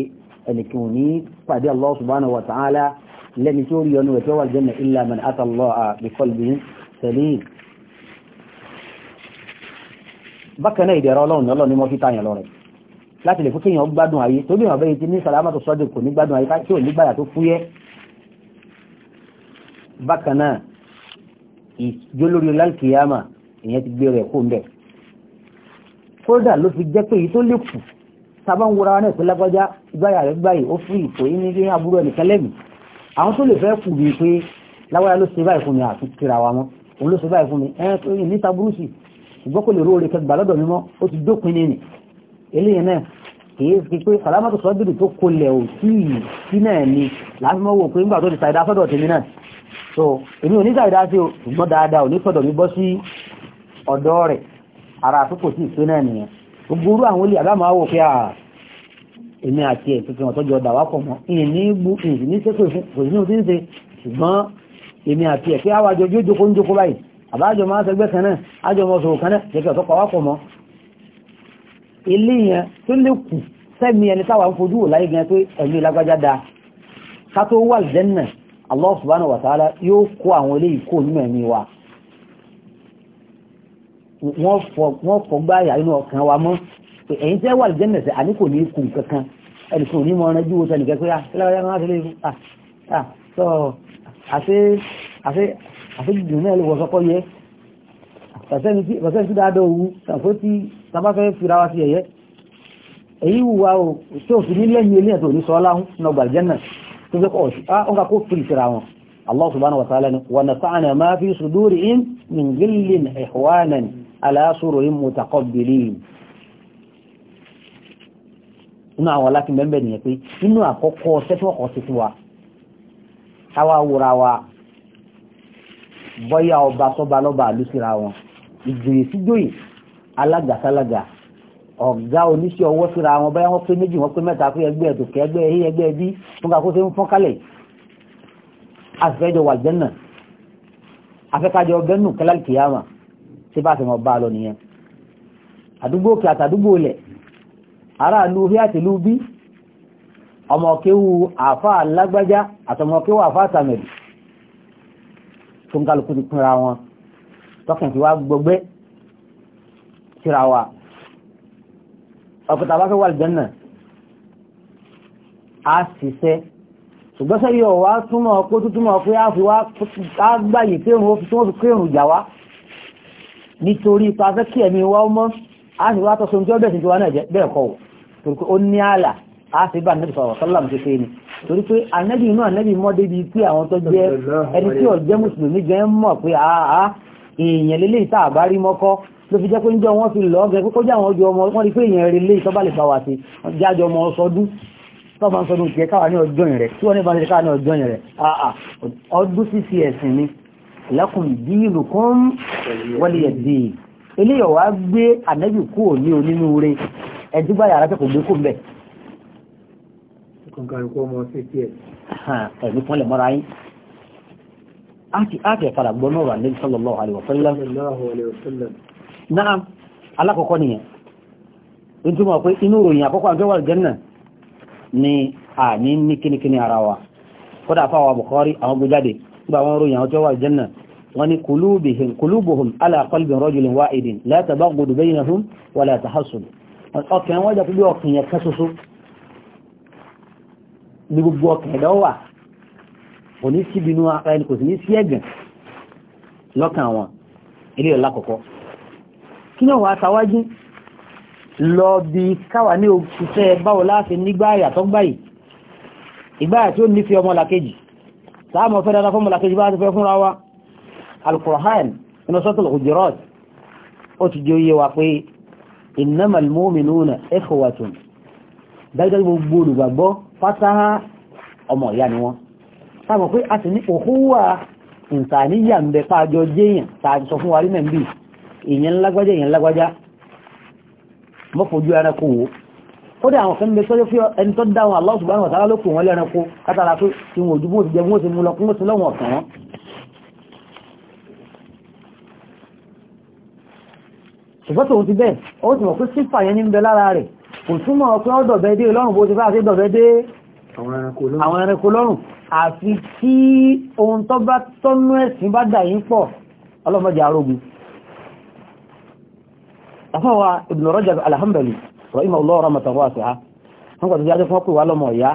ẹnìkan ò ní pàdé Allah subhanahu wa ta'ala lẹ́ni tí ó rí ọnu rẹ̀ tó wà lìjẹ́nà illa man ata Allah bi qalbin salim bákan náà ìdẹ̀rọ ọlọ́run ọlọ́run ni wọ́n ìjólórí lálkìyàmà ìyẹn ti gbé rẹ̀ kó ń bẹ̀ kódà ló fi jẹ́ pé èyí tó lè kù sábà ń wọra náà pé lágbájá gbáyà rẹ̀ gbáyì ó fún ìpò yìí ní ní àbúrò ẹnìkan lẹ́mì àwọn tó lè fẹ́ kù bíi pé lágbájá ló ṣe báyìí fún mi àti tira wa mọ́ òun ló ṣe báyìí fún mi ẹ ẹ níta burúkú ṣùgbọ́n kò lè róore kẹgbà lọ́dọ̀ mi mọ́ ó ti dópin ní nì eléyìí náà kìí fi pé sàlámàtò sọ́bìrì tó kolẹ̀ ò tí ì sí náà ni láàmú wò pé nígbà tó ti ṣàìdá sọ́dọ̀ tèmi náà so èmi ò ní ṣàìdá sí o ṣùgbọ́n dáadáa ò ní sọ́dọ̀ mi bọ́ sí ọ̀dọ̀ rẹ̀ ara àtúkò sí ìpé náà nìyẹn gbogbo àwọn olè àbá máa wò pé à èmi àti ẹ̀ tuntun ọ̀tọ́jọ ọ̀dà wápọ̀ mọ́ ìní gbú ìní ní sẹ́kọ̀ ìfún kò sí ní òtí ń ṣe ṣùgbọ́n èmi àti ẹ̀ mọ́ sòrò kan náà jẹ́kẹ́ ọ̀tọ́pọ̀ wápọ̀ mọ́ ilé yẹn tó lè kù sẹ́mi ẹni táwa ń fojú wò láyé gan pé ẹ̀mí lágbájá da ká tó wà lẹ́nà Allah wọ́n fọgbá àyà inú ọkàn wa mọ́ pé ẹ̀yin tẹ́ wà lìjẹ́ mẹ̀sẹ̀ àní kò ní kù kankan ẹnìkan ò ní mọ ọ̀rẹ́jú wo sẹ́nìkan pé àtẹ́lẹ́wọ́n máa tẹ́lẹ́ sọ àṣejù náà lè wọ́sọ́kọ́ èyí wùwá o tí ò fi ní lẹ́yìn ilé ẹ̀tọ́ ní sọ́ọ́lá nọgbà jẹ́nà tó fẹ́ kọ́ ọ̀ká kó fìrì síra wọn Allah subhanahu wa ta'ala ni wa nafa'ana ma fi sudurihim min ghillin ihwanan ala sururin mutaqabbilin inú àwọn alákin bẹ́ẹ̀ nìyẹn pé inú àkọ́kọ́ sẹ́tíwọ̀kọ́ sí ti wa káwa wúra wa bọ́yá ọba sọ́ba lọ́ba àlú síra wọn ìjòyè síjòyè alága sálága ọ̀gá oníṣẹ́ ọwọ́ síra wọn báyá wọ́n pé méjì wọ́n pé mẹ́ta pé ẹgbẹ́ ẹ̀tòkẹ́ ẹgbẹ́ ẹ̀hí ẹgbẹ́ ẹbí fún kakó ṣe ń fọ́n kálẹ̀ àfẹ́jọ wà jẹ́nà afẹ́kájọ ọbẹ̀ nù ṣe bá ṣe mọ̀ bá lọ nìyẹn àdúgbò òkè àtàdúgbò ilẹ̀ aráàlú bí àtìlú bí ọmọkéwu àfá lágbájá àtọmọkéwu àfá tàmẹ̀lú tó ń kálukú ti pínra wọn tọ́kàn tí wá gbọgbẹ́ síra wa ọkùnta bá fẹ́ wà a ṣiṣẹ́ ṣùgbọ́sẹ́ yóò wá túnmọ̀ pé túnmọ̀ pé a fi wá gbáyé pé wọ́n fi kérùn jà wá nítorí pàfẹ́ kí ẹ̀mí wá mọ́ a ní wá tọ́sọ jọ́ bẹ̀ẹ̀sì jọwa náà bẹ́ẹ̀ kọ́ torípé ó ní àlà a sì bá nẹ́bì sọ̀rọ̀ sọ́lá mùsí fẹ́ ni torí pé anẹ́bì inú anẹ́bì mọ́ débi pé àwọn tó jẹ́ ẹni tí ó jẹ́ mùsùlùmí gan mọ̀ pé àá èèyàn lélẹ̀ ìta àbárí mọ́kọ́ ló fi jẹ́ pé ń jọ wọ́n fi lọ́ gẹ́ kókó jẹ́ ni lakum dinukum waliyaddi eléyọ̀ wá gbé ànábì kú ò ní onínú rẹ̀ ẹjú bá yàrá tẹ́kọ̀ọ́ gbé kú mbẹ̀. ẹ̀mí fúnlẹ̀ mọ́ra yín áti áti ẹ̀fàdà gbọ́nà ọ̀rọ̀ ànábì sallallahu alaihi wasallam náà alákọ̀ọ́kọ́ nìyẹn nítumọ̀ pé inú ìròyìn àkọ́kọ́ àjọwà jẹ́nà ni a ní ní kíníkíní ara wa kódà fáwọn Bukhari àwọn gbójáde gbà wọn ròyìn àwọn jọwà wọ́n ní kulubuhum kulubuhum ala qalbi rajulin wahidin la tabaghudu bainahum wala tahassud ọkàn wọ́n jẹ́ pé ọkàn yẹn kẹ́sọ́sọ́ ní gbogbo ọkàn ẹ̀dọ́ wà kò ní sí ibinú ara ẹni kò sì ní sí ẹ̀gàn lọ́kàn wọn ilé ọ̀la kọ̀kọ́ kí náà wàá tawájú lọ bí káwà ní òṣìṣẹ́ báwo láti nígbà àyàtọ̀ gbáyìí ìgbà àti ó nífẹ̀ẹ́ ọmọlàkejì sáà fẹ́ dáadáa fún ọmọlàkejì bá ti fẹ́ fúnra wa alkùrán inú sọ́tùl Hujurat ó ti jẹ́ oyé wa pé innamal mu'minuna ikhwatun dájúdájú gbogbo olùgbàgbọ́ pátá ọmọ ìyá ni wọ́n sáàmù pé a sì ní òhúwà ìsàníyà ń bẹ pàájọ jẹ́yàn tààjì sọ fún wa rí mẹ́mbì èèyàn lágbájá èèyàn lágbájá mọ́fojú ẹranko wo kódà àwọn kan bẹ sọ́jọ́ ẹni tó dáwọn Allah subhanahu wa lókùn wọn lẹ́ranko kátàlá pé tí wọn ò ti jẹ bó ti mú lọ kún ó ti lọ́wọ́ ọ̀sán ṣùgbọ́n tòun ti bẹ́ẹ̀ ó ti mọ̀ pé sífà yẹn ní ń bẹ lára rẹ̀ kò túmọ̀ pé ó dọ̀bẹ́ dé lọ́rùn bó ti bá ṣe dọ̀bẹ́ dé àwọn ẹranko lọ́rùn àfi tí ohun tó bá tọ́nú ẹ̀sìn bá dà yín pọ̀ ọlọ́mọdé arógun afọ́wà Ibn Rajab al-Hanbali rahimahullah rahmatan wasi'a wọ́n kọ̀ tó jáde fún ọkùnrin wa lọ́mọ ìyá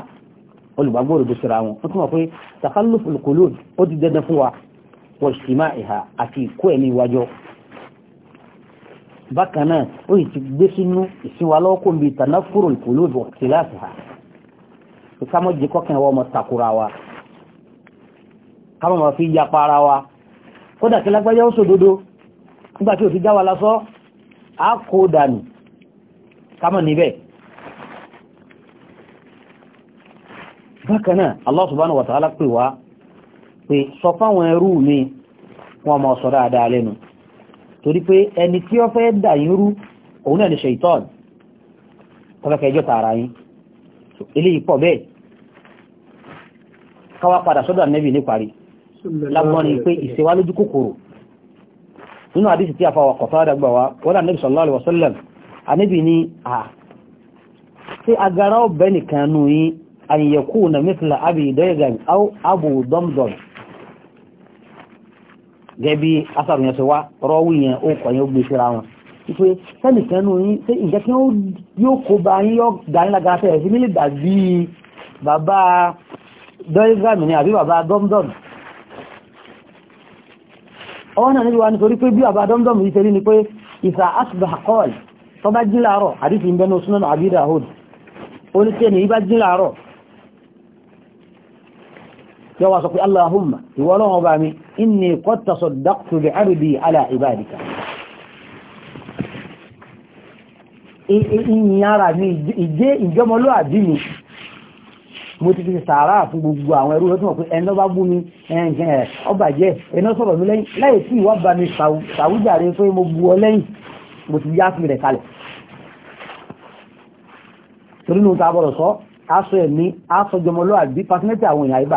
olùgbàgbọ́ òrùdó síra wọn wọ́n bákan náà ó yìí ti gbé sínú ìsinwalọ́kọ̀ bíi tanafuru al-qulub wa ikhtilafiha kámọ́ jẹ́ kọ́kàn wọ́n mọ̀ takura wa kámọ́ mọ̀ fi yapa ara wa kódà kí lágbájá ó sòdodo nígbàtí ò ti já wa lásọ́ á kó dànù kámọ́ níbẹ̀ bákanáà Allah subhanahu wa ta'ala pè wá pé sọ fáwọn ẹrú mi wọ́n mọ̀ sọ dáadáa lẹ́nu torí pé ẹni tí ó fẹ́ dà yín rú òun náà ni ṣèitọ́n tọ́fẹ́fẹ́ ẹjọ́ tààrà yín eléyìí pọ̀ bẹ́ẹ̀ káwá padà sọ́dọ̀ ànẹ́bì ní parí lágbọ́nrin pé ìṣèwá lójú kòkòrò nínú àdísì tí a fa ọkọ̀ fáwọn àgbà wa wọ́n ànẹ́bì sallallahu alaihi wasallam ànẹ́bì ní à gẹ́bí asàrùyàn ṣe wá rọ́wù yẹn ó kọ̀ yẹn ó gbé síra wọn ìpé sẹ́nìkan nù yín ṣé ìjẹ́ kí wọ́n yóò kó bá yín yọ dání lágara fẹ́ sí nílé dàbí bàbá dọ́rígàmì ni àbí bàbá dọ́mdọ́m ọwọ́ náà níbi wa nítorí pé bí bàbá dọ́mdọ́m yìí tẹ́lí ni pé ìsà àtìbà kọ́ọ̀lì tó bá jí láàárọ̀ àdìsí ń bẹnu súnmọ́nà àbí dàhùd ó yọ wá sọ pé aláhùnmà ìwọ ọlọ́run ọba mi inni qad tasaddaqtu bi ardi ala ibadika ìyìn ara mi ìjẹ́ ìjọmọlúwàbí mi mo ti fi sàárà fún gbogbo àwọn ẹrú rẹ̀ tó mọ̀ pé ẹni ọba bú mi ẹnjẹ́ ọba jẹ́ ẹni sọ̀rọ̀ mi lẹ́yìn láì tí ìwà bá mi sàwújàre pé mo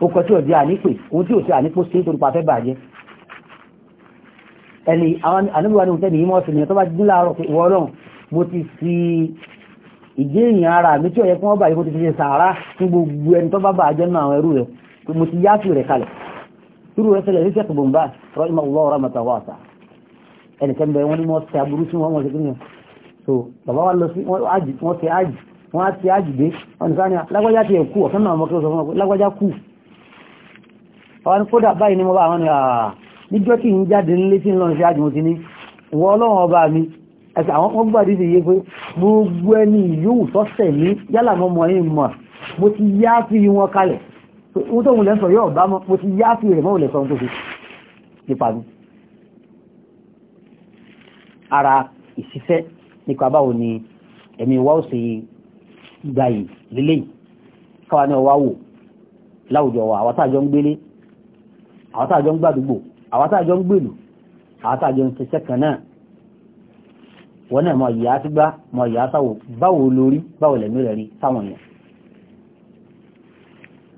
ó kọ tí ò jẹ́ ànípè ohun tí ò sí ànípò sí torí pa fẹ́ bàjẹ́ ẹni àwọn àníbùwà ní òtẹ́ nìyí mọ́sí nìyàn tó bá dín láàárọ̀ pé wọ́n náà mo ti fi ìgbé èèyàn ara mi tí ó yẹ kí wọ́n bàjẹ́ mo ti fi ṣe sàárá fún gbogbo ẹni tó bá bàjẹ́ nínú àwọn ẹrú rẹ̀ pé kan bẹ ni wọ́n ṣe aburú sí wọn wọ́n ṣe kí nìyàn so bàbá wa lọ sí wọ́n ṣe ájì wọ́n á ṣe ájì dé wọ́n ní sáà ní lágbájá ti ẹ̀kú ọ̀kan náà mọ́ kí ó kú àwọn kódà báyìí ni mo bá àwọn ni àà níjọ́ kí n jáde nílé tí ń lọ sí àjùmọ̀ ti ní wọ́n ọlọ́run ọba mi ẹ̀sẹ̀ àwọn kan gbàdí sí yé pé gbogbo ẹni yóò tọ́sẹ̀ ní yálà mọ́ ara ìṣiṣẹ́ nípa báwo ni ẹ̀mí wa ó sì gbayì lélẹ́yìn káwa láwùjọ wa àwọn táàjọ ń gbélé àwọn tààjọ ń gbàdúgbò àwọn tààjọ ń gbèlú àwọn tààjọ ń ṣiṣẹ́ kan náà wọ́n náà mọ̀ ìyá ti gbá mọ̀ ìyá sáwò báwo lórí báwo lẹ̀mí rẹ̀ rí sáwọn èèyàn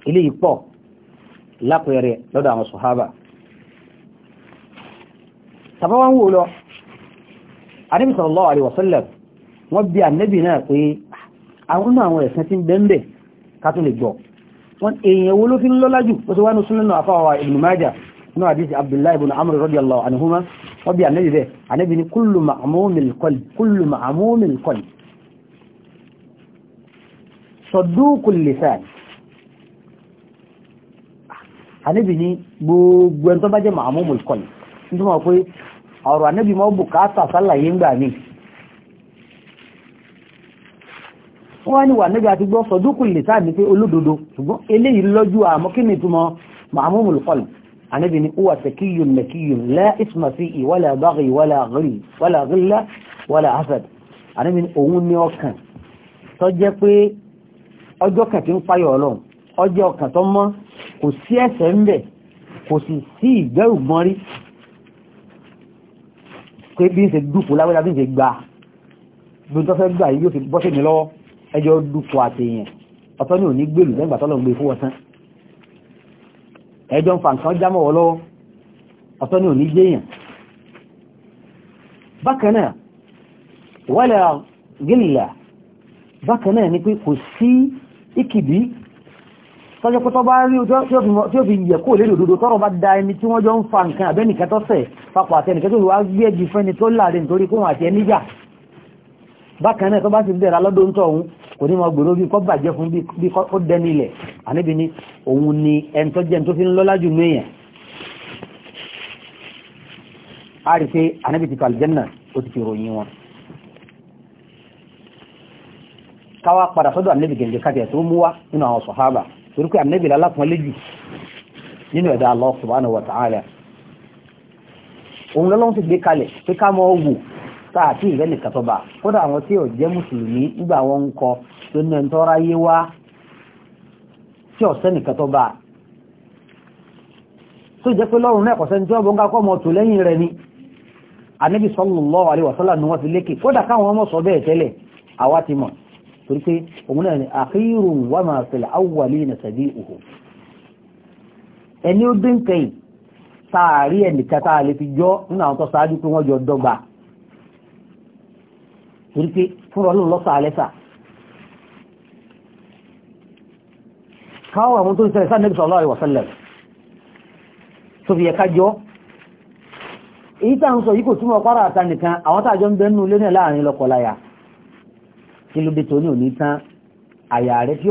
ilé ìpọ̀ lápẹẹrẹ lọ́dọ̀ àwọn sọ̀hábà tàbá wò lọ wọn èèyàn wo ló fi ń lọ́lá jù ó ti wá ní súnlẹ̀ náà fáwọn Ibn Majah ní àdíjì Abdullahi ibn Amr radiyallahu anhuma wọ́n bí ànẹ́bì bẹ́ẹ̀ ànẹ́bì ní kullu ma'mumil qalb kullu ma'mumil qalb saduqul lisan ànẹ́bì ní gbogbo ẹni tó bá jẹ́ ma'mumil qalb wọ́n ní wà nígbà ti gbọ́ sọ̀dúkùn lè sáà ní pé olódodo ṣùgbọ́n eléyìí lọ́jú àmọ́ kí ni ìtumọ̀ ma'amumul qalb anabi ni huwa takiyyun makiyyun la isma fihi wala baghi wala ghil wala ghilla wala hasad anabi ni òun ní ọkàn tó jẹ́ pé ọjọ́ kan tí ń payọ̀ ọlọ́run ọjọ́ ọkàn tó mọ́ kò sí ẹ̀ṣẹ̀ fẹ́ gbà yóò fi bọ́sẹ̀ mi lọ́wọ́ ẹjọ́ dúpọ̀ àtẹ̀yìn ọ̀tọ́ ní òní gbèlú lẹ́gbà tọ́lọ̀ ń gbé fún ọ̀tán ẹjọ́ ń fa nǹkan jámọ̀ wọ́ lọ́wọ́ ọ̀tọ́ ní òní jẹ́yàn bákan náà wala gílìlà bákan náà ni pé kò sí ìkìdí tọ́jọ́ pé tọ́ bá rí tí ó fi yẹ kó lérò òdodo tọ́rọ bá da ẹni tí wọ́n jọ ń fa nǹkan àbẹ́nìkẹ́tọ́sẹ̀ papọ̀ àtẹnìkẹ́tọ́ bákan náà tó bá sì dẹ̀ra lọ́dọ̀ ń tọ̀hún kò ní máa gbèrò bí kọ́ bàjẹ́ fún bí kọ́ dẹni ilẹ̀ àníbi ni òun ni ẹni tó jẹ́ tó fi ń lọ́lá jù ní èèyàn a rí pé àníbi ti kàlùjẹ́nà ó ti fi ròyìn wọn káwá padà sọ́dọ̀ àníbi gẹ̀ǹgẹ̀ kájẹ̀ tó mú wá nínú àwọn sọ̀hábà torí pé àníbi lálápọ̀n léjù nínú ẹ̀dá Allah subhanahu wa ta'ala òun lọ́lọ́run táàtì ìrẹ́ nìkan tọba kódà àwọn tí ò jẹ́ mùsùlùmí nígbà wọn ń kọ tó ní ẹni tọ́ra yé wá tí ọ̀sẹ́ nìkan tọba tó jẹ́ pé lọ́rùn náà kọ̀sẹ́ ní tí wọ́n bọ́ ń kákọ́ ọmọ tó lẹ́yìn rẹ̀ ni Ànábì sallallahu alaihi wasallam ni wọ́n fi lékè kódà káwọn ọmọ torí pé fúnra ló lọ́sà alẹ́sà káwọ́ àwọn tó ń sẹ́rẹ̀ sáà nẹ́bí sallallahu alaihi wasallam tó fi ẹ̀ka jọ èyí tàà ń sọ yí kò túnmọ̀ pàrà àta nìkan àwọn tààjọ ń bẹ́nu lé náà láàrin lọ́kọláya kí ló dé tó ní òní tán àyà rẹ̀ tí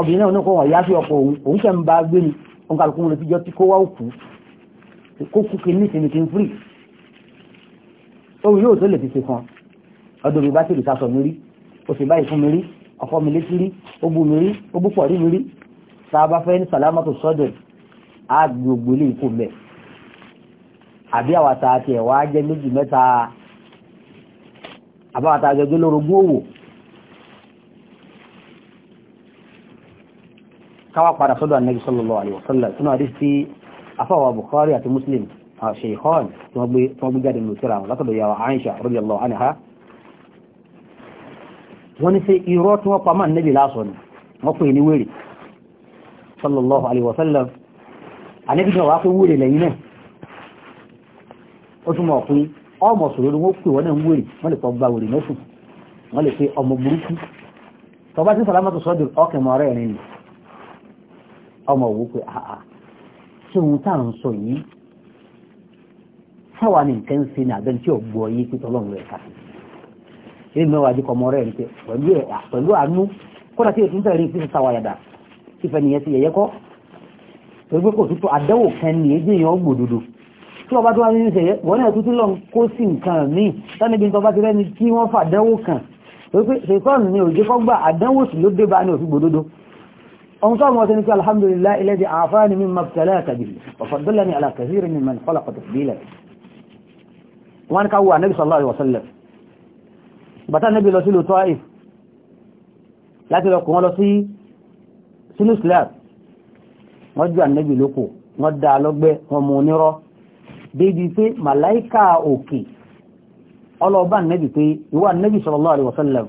obìnrin náà oníkọ̀ ọ̀yá sí ọkọ̀ òun òun kẹ́ ń bá gbé ni òun kàlùkù wọn lè fíjọ tí kó wá òkú kó kú kí ní ìsinmi kí n fúrì òun yóò tó lè fi ṣe kan ọdún mi bá sì lè sasọ mi rí o sì báyìí fún mi rí ọkọ mi létí rí ogbó mi rí ogbó pọ̀ rí mi rí tá fẹ́ ní sàlámọ́tò sọ́dọ̀ á gbogbo ilé mẹ́ àbí àwàtà àti ẹ̀wà jẹ́ méjì mẹ́ta àbáwàtà àjọjọ́ lórogún òwò káwà padà sọ́dọ̀ annabi sallallahu alaihi wasallam sínú àdí sí afáwà bukhari àti muslim ṣeikhan tí wọ́n gbé jáde lò síra wọn látọ̀dọ̀ yàwó aisha radiyallahu anha wọ́n ní sí irọ́ tí wọ́n pamọ́ annabi lásọ ni wọ́n pè ní wèrè sallallahu alaihi wasallam annabi náà wàá pé wèrè lẹ́yìn náà ó túnmọ̀ pé ọmọ sòrò ni wọ́n pè wọ́n náà ń wèrè wọ́n lè pọ̀ gba wèrè mẹ́sùn wọ́n lè pe ọmọ burúkú tọba tí sàlámà tó sọ́dọ̀ ọkẹ̀ mọ́ ọ̀rẹ́ nìyí ọmọ òwú pé àà tí òun tá ń sọ yìí sáwà ní nǹkan ṣe ní abẹ́ni tí ọ̀gbọ́ yé pé tọ́lọ́run rẹ̀ kàfí èyí mẹ́wàá dúkọ̀ ọmọ rẹ̀ nípe pẹ̀lú àánú kódà tí ètùtù rẹ̀ fi sáwà yàdà ìfẹ́ nìyẹn ti yẹ̀yẹ́ kọ́ torí pé kò tútù àdẹ́wò kan ní èdè èèyàn gbòdodo tí wọ́n bá tó wá ní ṣe wọ́n náà tútù lọ kó sí nǹkan míì tánibí nǹkan bá ti rẹ́ni tí wọ́n fà àdẹ́wò kan torí pé ṣèkọ́ọ̀nù ni òjò kọ́gbà àdẹ́wò sì ló dé bá ní òfin gbòdodo أم صار موتنك الحمد لله الذي أعفاني مما ابتلاك به وفضلني على كثير ممن خلق تفضيلا وأنا كأوى النبي صلى الله عليه وسلم بتا النبي لو سيلو طائف láti lọ kò wọ́n lọ sí sínú islam wọ́n jù ànẹ́bì lókò wọ́n dá lọ́gbẹ́ wọn mú onírọ́ débi pé màláíkà òkè ọlọ́ọ̀bá ànẹ́bì pé ìwọ ànẹ́bì sallallahu alaihi wasallam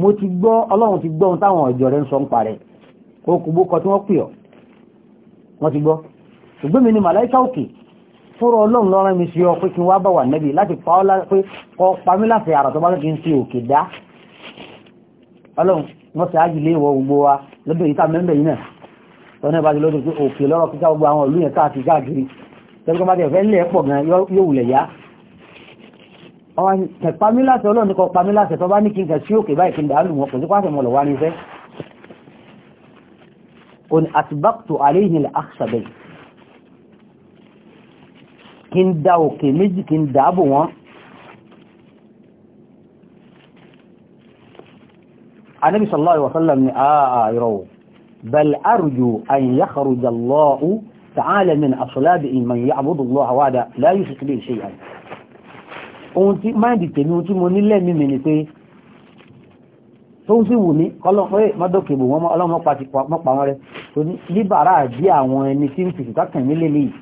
mo ti gbọ́ ọlọ́run ti gbọ́ ohun táwọn ọ̀jọ̀ rẹ̀ ń sọ ń parẹ́ okùnbókọ tí wọ́n pè ọ́ wọ́n ti gbọ́ ṣùgbọ́n mi ni màláìka òkè fúnra ọlọ́run lọ́rán mi sí ọ pé kí n wá bá wà nẹ́bí láti pa ọ́ pé kọ́ pa mí láti àrà tó bá kí n fi òkè dá ọlọ́run wọ́n ti ájì lé ìwọ gbogbo wa lọ́dọ̀ yìí tá mẹ́mbẹ̀ yìí náà tọ́nà ìbájú lọ́dọ̀ pé òkè lọ́rọ̀ kíkà gbogbo àwọn ìlú yẹn káàkiri ọwá ní pẹ̀pàmí láti ọlọ́run nípa pàmí láti ẹ̀tọ́ bá ní kí n kẹ̀ sí òkè báyìí kí n dàálù wọn pẹ̀lú pàṣẹ mọ́lọ̀ wá ní iṣẹ́ o ní àtibákùtò àríyìn ilẹ̀ àṣàbẹ̀ kí n da òkè méjì kí n dàábò wọn anábì sallallahu alaihi wasallam ni àà ìrọ̀ bal arju an yakhruja Allahu ta'ala min aslabi man ya'budu Allah wahdahu la yushriku bihi shay'an ohun tí máìdì tèmi ohun tí mo ní lẹ́mí mi ni pé tó ń sì wù mí kọ́lọ́pẹ́ mọ́dọ̀kẹ̀bù wọn ọlọ́mọ pàtí mọ́pa wọn rẹ̀ tó ní líbàárà àbí àwọn ẹni tí ń fi ìtàkàn mí lé léyìí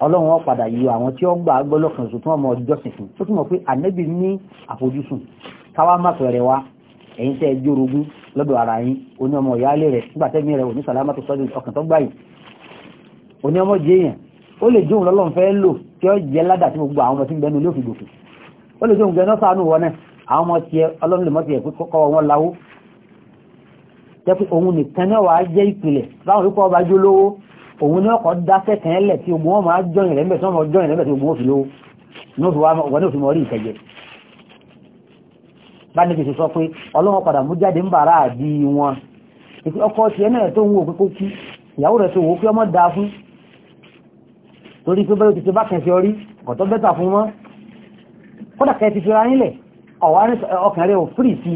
ọlọ́run wọn padà yọ àwọn tí ó gbà gbọ́lọ́kan sùn tí wọ́n mọ ọjọ́ sìn fún tó túnmọ̀ pé ànẹ́bì ní àfojúsùn káwá má pẹ̀rẹ̀ wa ẹ̀yin tẹ́ ẹjọ́ orogún lọ́dọ̀ ara yín oní ọmọ ìyáálé rẹ̀ nígbàtẹ́mí rẹ̀ òní sàlámà tó sọ́dún ọkàn tó gbà yìí oní ọmọ jẹ́yàn ó lè jóun lọ́lọ́run fẹ́ lò tí ó jẹ́ ládà tí gbogbo àwọn ọmọ tí ń bẹnu ló fi gòkè ó lè jẹun gẹ̀ẹ́nà sáánù wọn náà àwọn ọmọ tiẹ̀ ọlọ́run lè mọ́ tiẹ̀ pé kọ́kọ́ wọn láwó jẹ́ pé nìkan náà wàá jẹ́ ìpìlẹ̀ báwọn olùkọ́ ọba jó lówó òun náà kọ́ dáṣẹ́ kan tí ogun wọn máa jọyìn torí pé bẹ́ẹ̀ ti ṣe bá kẹsẹ̀ orí ọ̀tọ́ bẹ́ta fún wọn kódà kẹ́ ti fi ra nílẹ̀ ọkàn rẹ̀ ò fìrì sí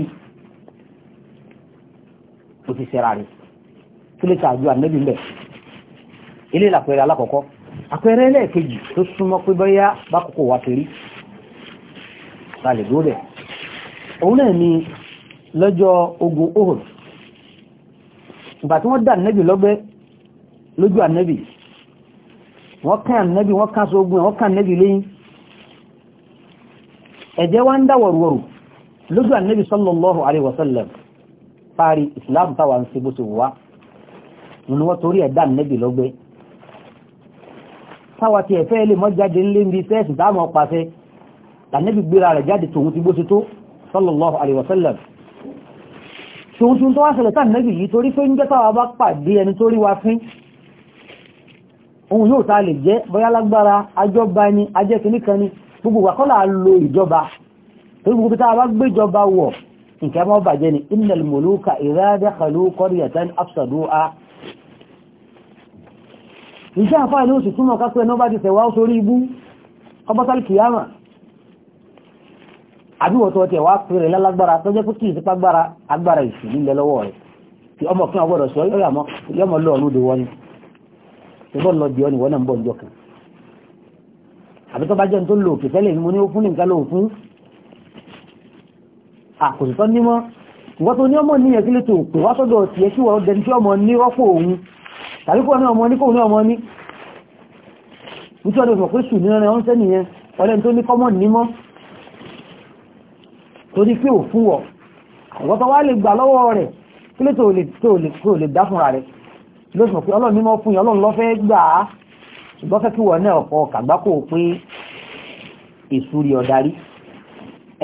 o ti ṣẹra rẹ̀ kí lè ṣàjú ànẹ́bí mẹ́ ilé ìlàpẹ̀rẹ̀ alákọ̀ọ́kọ́ àpẹẹrẹ ẹlẹ́ẹ̀kejì tó súnmọ́ pé bọ́yá bákòókò wá torí balẹ̀ dúró òun náà ni lọ́jọ́ ogun ohùn ìgbà tí wọ́n dà ànẹ́bí lọ́gbẹ́ lójú ànẹ́bí wọ́n kàn ànábì wọ́n kàn sógun ẹ̀ wọ́n kàn ànábì lẹ́yìn ẹ̀jẹ̀ wá ń dá wọ̀rọ̀wọ̀rọ̀ lójú ànábì sallallahu alaihi wasallam parí islam táwa ń ṣe bó ti wá nínú wọ́n torí ẹ̀dá ànábì lọ́gbẹ́ táwa ti ẹ̀fẹ́ lè mọ́ jáde ńlé ń bi sẹ́ẹ̀sì táwọn pàṣẹ ànábì gbéra rẹ̀ jáde tòun ti bó ti tó wá ṣẹlẹ̀ tá ànábì yìí torí pé ń jẹ́ táwa bá pàdé ẹni torí wa fín ohun yóò ta lè jẹ́ bóyá lágbára ajọba ni ajẹ́kìní kan ni gbogbo wàkọ́lá lo ìjọba tó gbogbo tá a bá gbéjọba wọ̀ nǹkan mọ́ bàjẹ́ ni innal muluka idha dakhalu qaryatan afsaduha ìjẹ́ àfáà ní oṣù túnmọ̀ kápẹ́ náà bá ti tẹ̀wá sórí ibú ọbọ́sálì kìyàmà àbíwọ̀tọ̀ tẹ̀ wá pèrè lálágbára tó jẹ́ pẹ́kì ìsípagbára agbára ìsìn nílẹ̀ lọ́wọ́ rẹ̀ ọmọ fún ọgbọ́dọ̀ sọ yọ́mọ lọ́ọ̀lú de ni tó bọ́ lọ jọ ni wọ́n náà ń bọ̀ ọjọ́ kan àbí tó bá jẹ́ tó lò òkè ni mo ní ó fún nìkan lò fún àkòsìtọ́ nímọ́ wọ́n tó ní ọmọ ní ẹ̀kílé tó pè wá tọ́jọ́ ti ẹ̀ kí wọ́n dẹni tí ọmọ ní rọ́pò òun tàbí kọ́ ní ọmọ ní kò ní ọmọ ní nítorí ọdún pẹ̀sù ní ọ̀rẹ́ oúnjẹ nìyẹn ọlẹ́ni tó ní kọ́mọ̀ nímọ́ torí pé ò fún wọ̀ àwọn tó wá lè gbà lọ́wọ́ rẹ̀ kílé tó lè dá fúnra rẹ̀ lóṣùn pé ọlọ́run mímọ́ fún yẹn ọlọ́run lọ́fẹ́ gbà á ṣùgbọ́n fẹ́ kí wọ́n náà ọ̀pọ̀ kàgbákò pé èṣù rí ọ̀darí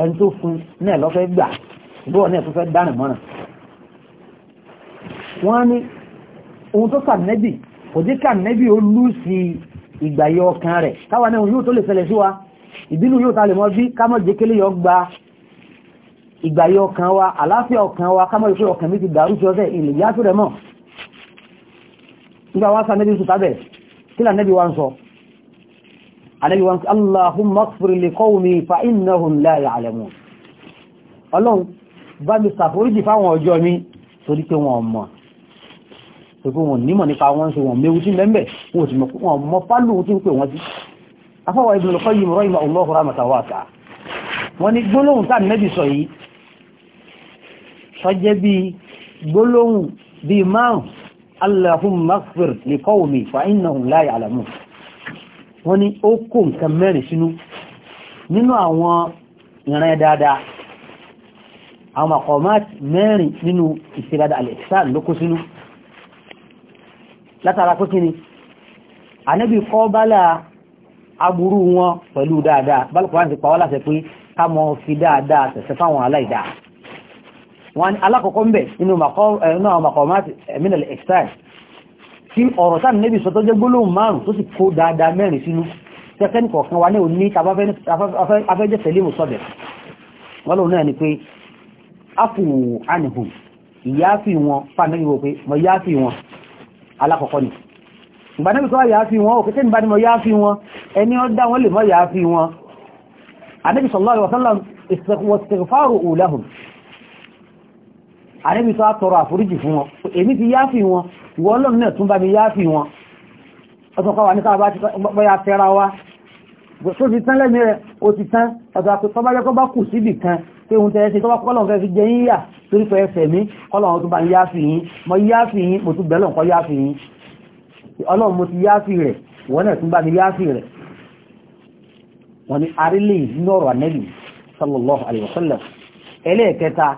ẹni tó fún náà lọ́fẹ́ gbà ṣùgbọ́n wọn náà tó fẹ́ dárìn mọ́ràn wọ́n ní ohun tó kànẹ́bì kò dé kànẹ́bì ó lú sí ìgbàyẹ ọkàn rẹ̀ káwa náà yóò tó lè fẹlẹ̀ sí wa ìbínú yóò ta lè mọ́ bí kámọ́ jẹ́kélé yọ gba ìgbàyẹ ọkàn wa àlàáfíà ọkàn wa kámọ́ ìfẹ́ ọkàn mi ti dàrú sí ọsẹ̀ nígbà wá sánẹ́bí sùn tábẹ̀ kí là nẹ́bí wá ń sọ anẹ́bí wá ń sọ Allahumma ighfir li qawmi fa innahum la ya'lamun ọlọ́run bá mi ṣàforíjì fáwọn ọjọ́ mi torí pé wọn mọ̀ pẹ̀kú wọn nímọ̀ nípa wọn ṣe wọn méwu tí mẹ́mẹ́ wọn ti mọ̀ fálù Allahumma ighfir li qawmi fa innahum la ya'lamun wọ́n ní ó kó nǹkan mẹ́rin sínú nínú àwọn ìran dáadáa àwọn maqamat mẹ́rin nínú ìsìnkádà al-ihsan ló kó sínú látara kó kí ni Ànábì kọ́ bálá aburú wọn pẹ̀lú dáadáa bálùkọ́ wọn alákọ̀ọ́kọ́ ń bẹ̀ inú makọ̀ọ́mátì minal exercise tí ọ̀rọ̀ sáà níbi sọ tó jẹ́ gbólóhùn márùn tó sì kó dáadáa mẹ́rin sínú tẹ́kẹ́ ní kọ̀ọ̀kan wa ní òní afẹ́jẹ́ tẹ̀límù sọ́bẹ̀ wọ́n lóun náà ni pé afu anihum ìyáàfì wọn fàmílì wo pé mọ̀ yáàfì wọn alákọ̀ọ́kọ́ ni ìgbà níbi sọ́wọ́ yáàfì wọn òkè tẹ́ nígbà ní mọ̀ yáàfì wọn ẹni ó dá wọn lè mọ̀ yáàfì wọn anábì sallallahu alaihi wasallam istighfaru ulahum àrẹ́bí tó àtọrọ àforíjì fún wọn èmi ti yáfì wọn ìwọ ọlọ́run náà tún bá mi yáfì wọn ọ̀tọ̀kọ́ wà ní sáà bá fẹ́ra wa tó ti tán lẹ́mí rẹ̀ ó ti tán ọ̀tọ̀ àpẹtọ́ bá jẹ́kọ́ bá kù síbì kan pé ohun tẹ́rẹ sí tọ́wọ́ kọ́lọ̀ fẹ́ fi jẹ yíyà torí pé ẹsẹ̀ mi kọ́lọ̀ tó bá ń yáfì yín mo yáfì ẹlẹ́ẹ̀kẹta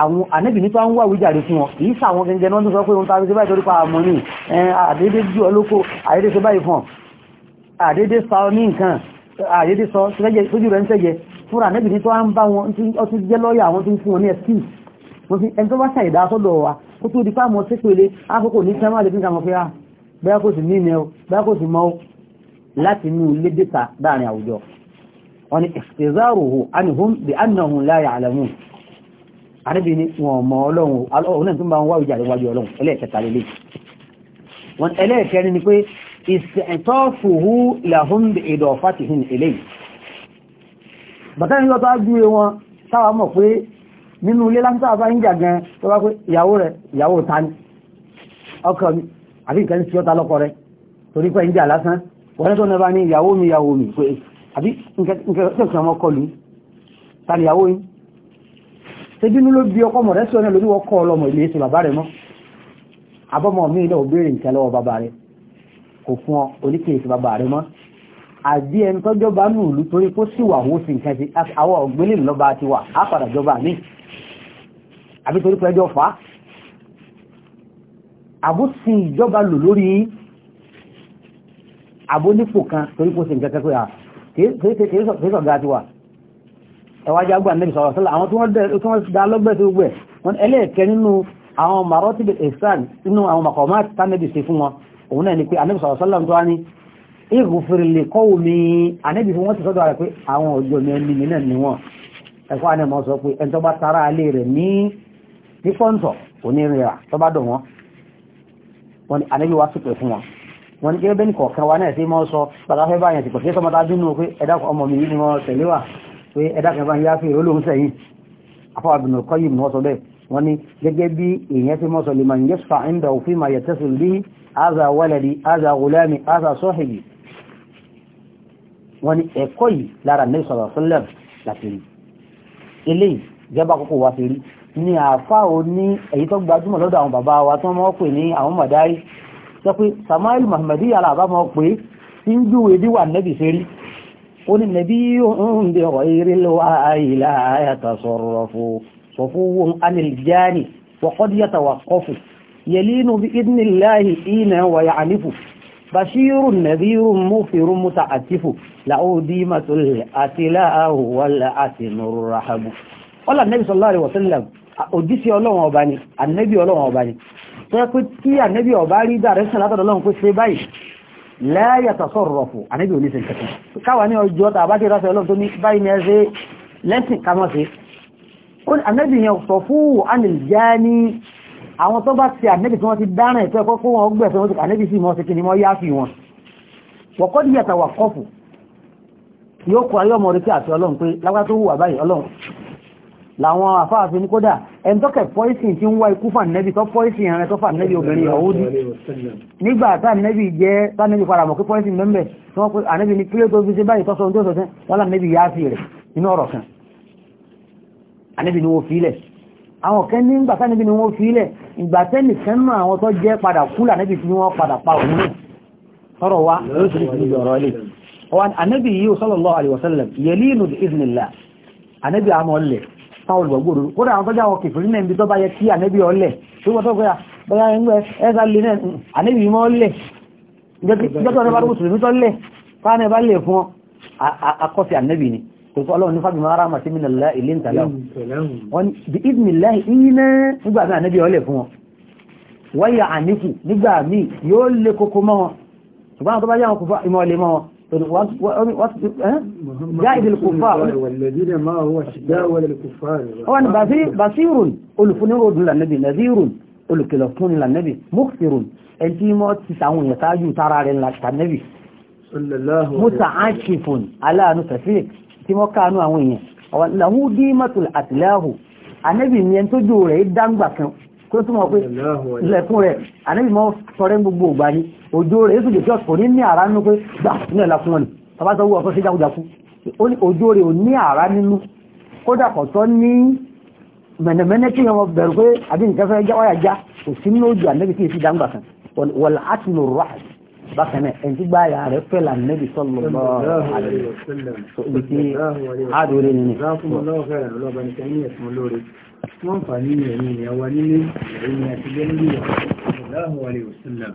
àwọn ànábì nípa ń wà wíjàre fún wọn kìí sàwọn gẹ́gẹ́ náà tó sọ pé òun tàbí sí báyìí torípa àmọ́ ní àdédé jú ọlọ́kọ́ àdédé sí báyìí fún àdédé sọ ní nǹkan àdédé sọ sójú rẹ̀ ń sẹ́yẹ fún ànábì nípa ń bá wọn tún jẹ́ lọ́ọ̀yà àwọn tó ń fún wọn ní ẹ̀sìn àrẹ́bì ní wọn mọ̀ ọlọ́run ọ̀nà tó bá ń wá ìjà ìwájú ọlọ́run ẹlẹ́ẹ̀kẹta lélẹ̀ wọn ẹlẹ́ẹ̀kẹrin ni pé ìsẹ̀tọ́fùhú làhún èdò fàtìhìn eléyìí bàtà ní lọ́tọ́ ágbé wọn sáwà mọ̀ pé nínú ilé láńtà bá ń jà gan tó bá pé ìyàwó rẹ̀ ìyàwó ta ni ọkọ mi àbí mi ìyàwó mi pé àbí nǹkan tó kàn mọ́ kọlu ta ṣe bínú ló bí ọkọ mọ̀rẹ́ sí ọ̀nà lórí ọkọ ọlọmọ ilé ètò bàbá rẹ̀ mọ́ abọ́mọ mi náà béèrè nǹkan lọ́wọ́ bàbá rẹ̀ kò fún ọ oníkèé sí bàbá rẹ̀ mọ́ àbí ẹni tọ́jọ́ bá nù lù torí kó sì wà wó sí nǹkan sí àwọn ọ̀gbẹ́lẹ̀ lọ́ba ti wà á padà jọba mi àbí torí pé ẹjọ́ fà á àbúsìn ìjọba lò lórí àbónípò kan torí kó sì nǹkan kẹ́kọ̀ọ́ kìí sọ̀gá ti wà ẹwàjá gbà nẹ́bì sọ̀rọ̀ sọ́lá àwọn tí wọ́n dá lọ́gbẹ́ tó gbẹ̀ wọn ẹlẹ́ẹ̀kẹ́ nínú àwọn marotib ihsan nínú àwọn makọ̀má tánẹ́bì sí fún wọn òun náà ni pé anẹ́bì sọ̀rọ̀ sọ́lá tó wá ní ìgùfèrèlè kọ́wù mi anẹ́bì fún wọ́n ti sọ́dọ̀ rẹ̀ pé àwọn òjò mi ẹni mi náà ni wọ́n ẹ̀kọ́ anẹ́ mọ́ sọ pé ẹni tó bá tara alé rẹ̀ ní fífọ́ǹtọ̀ onírìnrà tó bá dùn wọn wọn ni anẹ́bì wá sípè fún wọn wọn ni gẹ́gẹ́ bẹ́ni kọ̀ọ̀kan wa náà sí mọ́ sọ bàtà fẹ́ báyẹn ti pọ̀ sí sọmọta bínú pé ẹ̀dá ọmọ mi yìí ni wọ́n tẹ̀lé pé ẹ̀dá kan bá ń yáfẹ́ olóhùn sẹ́yìn afọ́wà Ibn al-Qayyim mọ́ sọ bẹ́ẹ̀ wọ́n ní gẹ́gẹ́ bí èèyàn ti mọ́ sọ lè máa ń yẹ́ sọ àìndà òfin máa yẹ tẹ́sùn bí áza waladi áza gulami áza sahibi wọ́n ní ẹ̀kọ́ yìí lára ní sọ̀rọ̀ sílẹ̀ láti rí eléyìí jẹ́bà kókó wa ti rí ni àáfà ò ó ní nàbí ń bí ọ̀rọ̀ lọ́wọ́ àìlà àyàtà sọ̀rọ̀ sọ̀fúwọ́n anìlìjáni wọ̀kọ́díyàtà wà kọfù yẹlínú bí ìdínláhì ìnà wà yà ànífù bashiru nàbírù múfìrú múta àtífù láòdí matulẹ̀ àti láàhùwàlá àti nùrù rahabu ọlá nàbí sallallahu alaihi wasallam òjísí ọlọ́run ọba ni ànẹ́bí ọlọ́run ọba ni tó yẹ pé tí ànẹ́bí ọba rí dáa rẹ̀ sàn látọ̀dọ̀ ọlọ́run pé ṣe báyìí láyàtà sọ̀rọ̀fù àníbì oníṣẹ́ ìkẹta káwà ní ọjọ́ tàbá tí ráṣẹ́ ọlọ́run tó ní báyìí ní ẹzẹ́ lẹ́sìn kamọ́ sí àníbì yẹn sọ fún ànìjá ní àwọn tó bá ti àníbì tí wọ́n ti dáná ẹ̀tọ́ ẹ̀kọ́ ni wọ́n yá fi wọn wọ̀kọ́ di yàtà wà kọ́fù yóò làwọn àfáàfin ní kódà ẹni tọ́kẹ̀ pọ́ìsìn tí ń wá ikú fà nẹ́bí tọ́ pọ́ìsìn ẹ̀rẹ́ tọ́fà nẹ́bí obìnrin Yahudi nígbà tá nẹ́bí jẹ́ tá nẹ́bí padà mọ̀ pé pọ́ìsìn mẹ́mẹ́ tí wọ́n pé ànẹ́bí ní kílé tó fi ṣe báyìí tọ́sọ tó sọ́sẹ́ wọ́n nẹ́bí yá sí rẹ̀ nínú ọ̀rọ̀ kan ànẹ́bí ni wọ́n fílẹ̀ àwọn kẹ́ nígbà tá nẹ́bí ni wọ́n fílẹ̀ ìgbà tẹ́nì kan náà àwọn táwọn olùgbàgbòrò kódà àwọn tọ́jà wọ kèfèrí náà ibi tó bá yẹ kí ànẹ́bí ọlẹ̀ tó wọ́n tọ́gbẹ́ bọ́yá ẹgbẹ́ ẹgbà lè náà ànẹ́bí mọ́ lẹ̀ ìjọ́tọ̀ ọ̀rẹ́ bá rú mùsùlùmí tọ́ lẹ̀ fáànẹ́ bá lè fún akọ́sí ànẹ́bí ni kòkó ọlọ́run ní fábìmọ̀ ara màtí mi nàlá ilé ń tàlá wọn bí ìdìní láì iná nígbà mí ànẹ́bí ọlẹ̀ fún wọn wáyà àníkù nígbà mí yóò lè جائد الكفار والذين ما هو شداء ولا الكفار هو بصير بصير الفنور للنبي نذير olùkìlọ̀fún ìlànà nẹ́bì mọ́kìrún ẹni tí mọ́ ti sàwọn èèyàn táájú tara rẹ̀ láta nẹ́bì mọ́ta áṣìfún aláàánú tẹ̀fíìk tí mọ́ káánú àwọn èèyàn ọwà láhú dí mọ́tòlù àtìláhù anẹ́bì ni ẹni tó jò rẹ̀ dáńgbà kan kó túnmọ̀ pé ilẹ̀kùn rẹ̀ anẹ́bì mọ́ sọrẹ́ gbogbo ògbà ni òjò rẹ̀ èsù jẹ́ kò ní ní àrá nínú pé gbà nílẹ̀ láfún wọn ni tàbá sọ wọ́n fẹ́ sí jákújákú òjò rẹ̀ ò ní àrá nínú kódà kò tọ́ ní mẹ̀nẹ̀mẹ́nẹ́ tí wọ́n bẹ̀rù pé àbí nǹkan fẹ́ já wáyà já kò sí ní ojú ànẹ́bì tí èsì dáńgbà kan wọ̀lá àti lò rọ̀ bákan náà ẹni tí wọ́n fà ní ẹ̀yìn ìyàwó nílé ìrìn àti gẹ́gẹ́ bí ìyàwó aláhùn alẹ́ òsìlẹ̀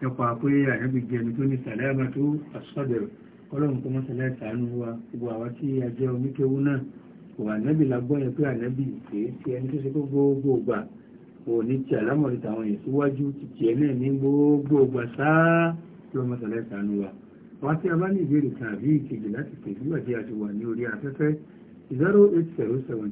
nípa pé ànábì jẹ́ ẹni tó ní sàlẹ́mà tó àsọ́dẹ̀rọ̀ kọ́lọ́run kọ́ mọ́sálẹ́ ìtànú wa gbogbo àwa tí a jẹ́ oníkéwú náà kò ànábì lágbọ́ yẹn pé ànábì kìí ti ẹni tó ṣe pé gbogbo ògbà kò ní ti àlámọ̀rí tàwọn èèyàn síwájú ti tiẹ̀ náà ní gbogbo ògbà sáá ló mọ́sálẹ́ ìtànú wa wá tí a bá ní ìbéèrè tàbí ìkejì láti pè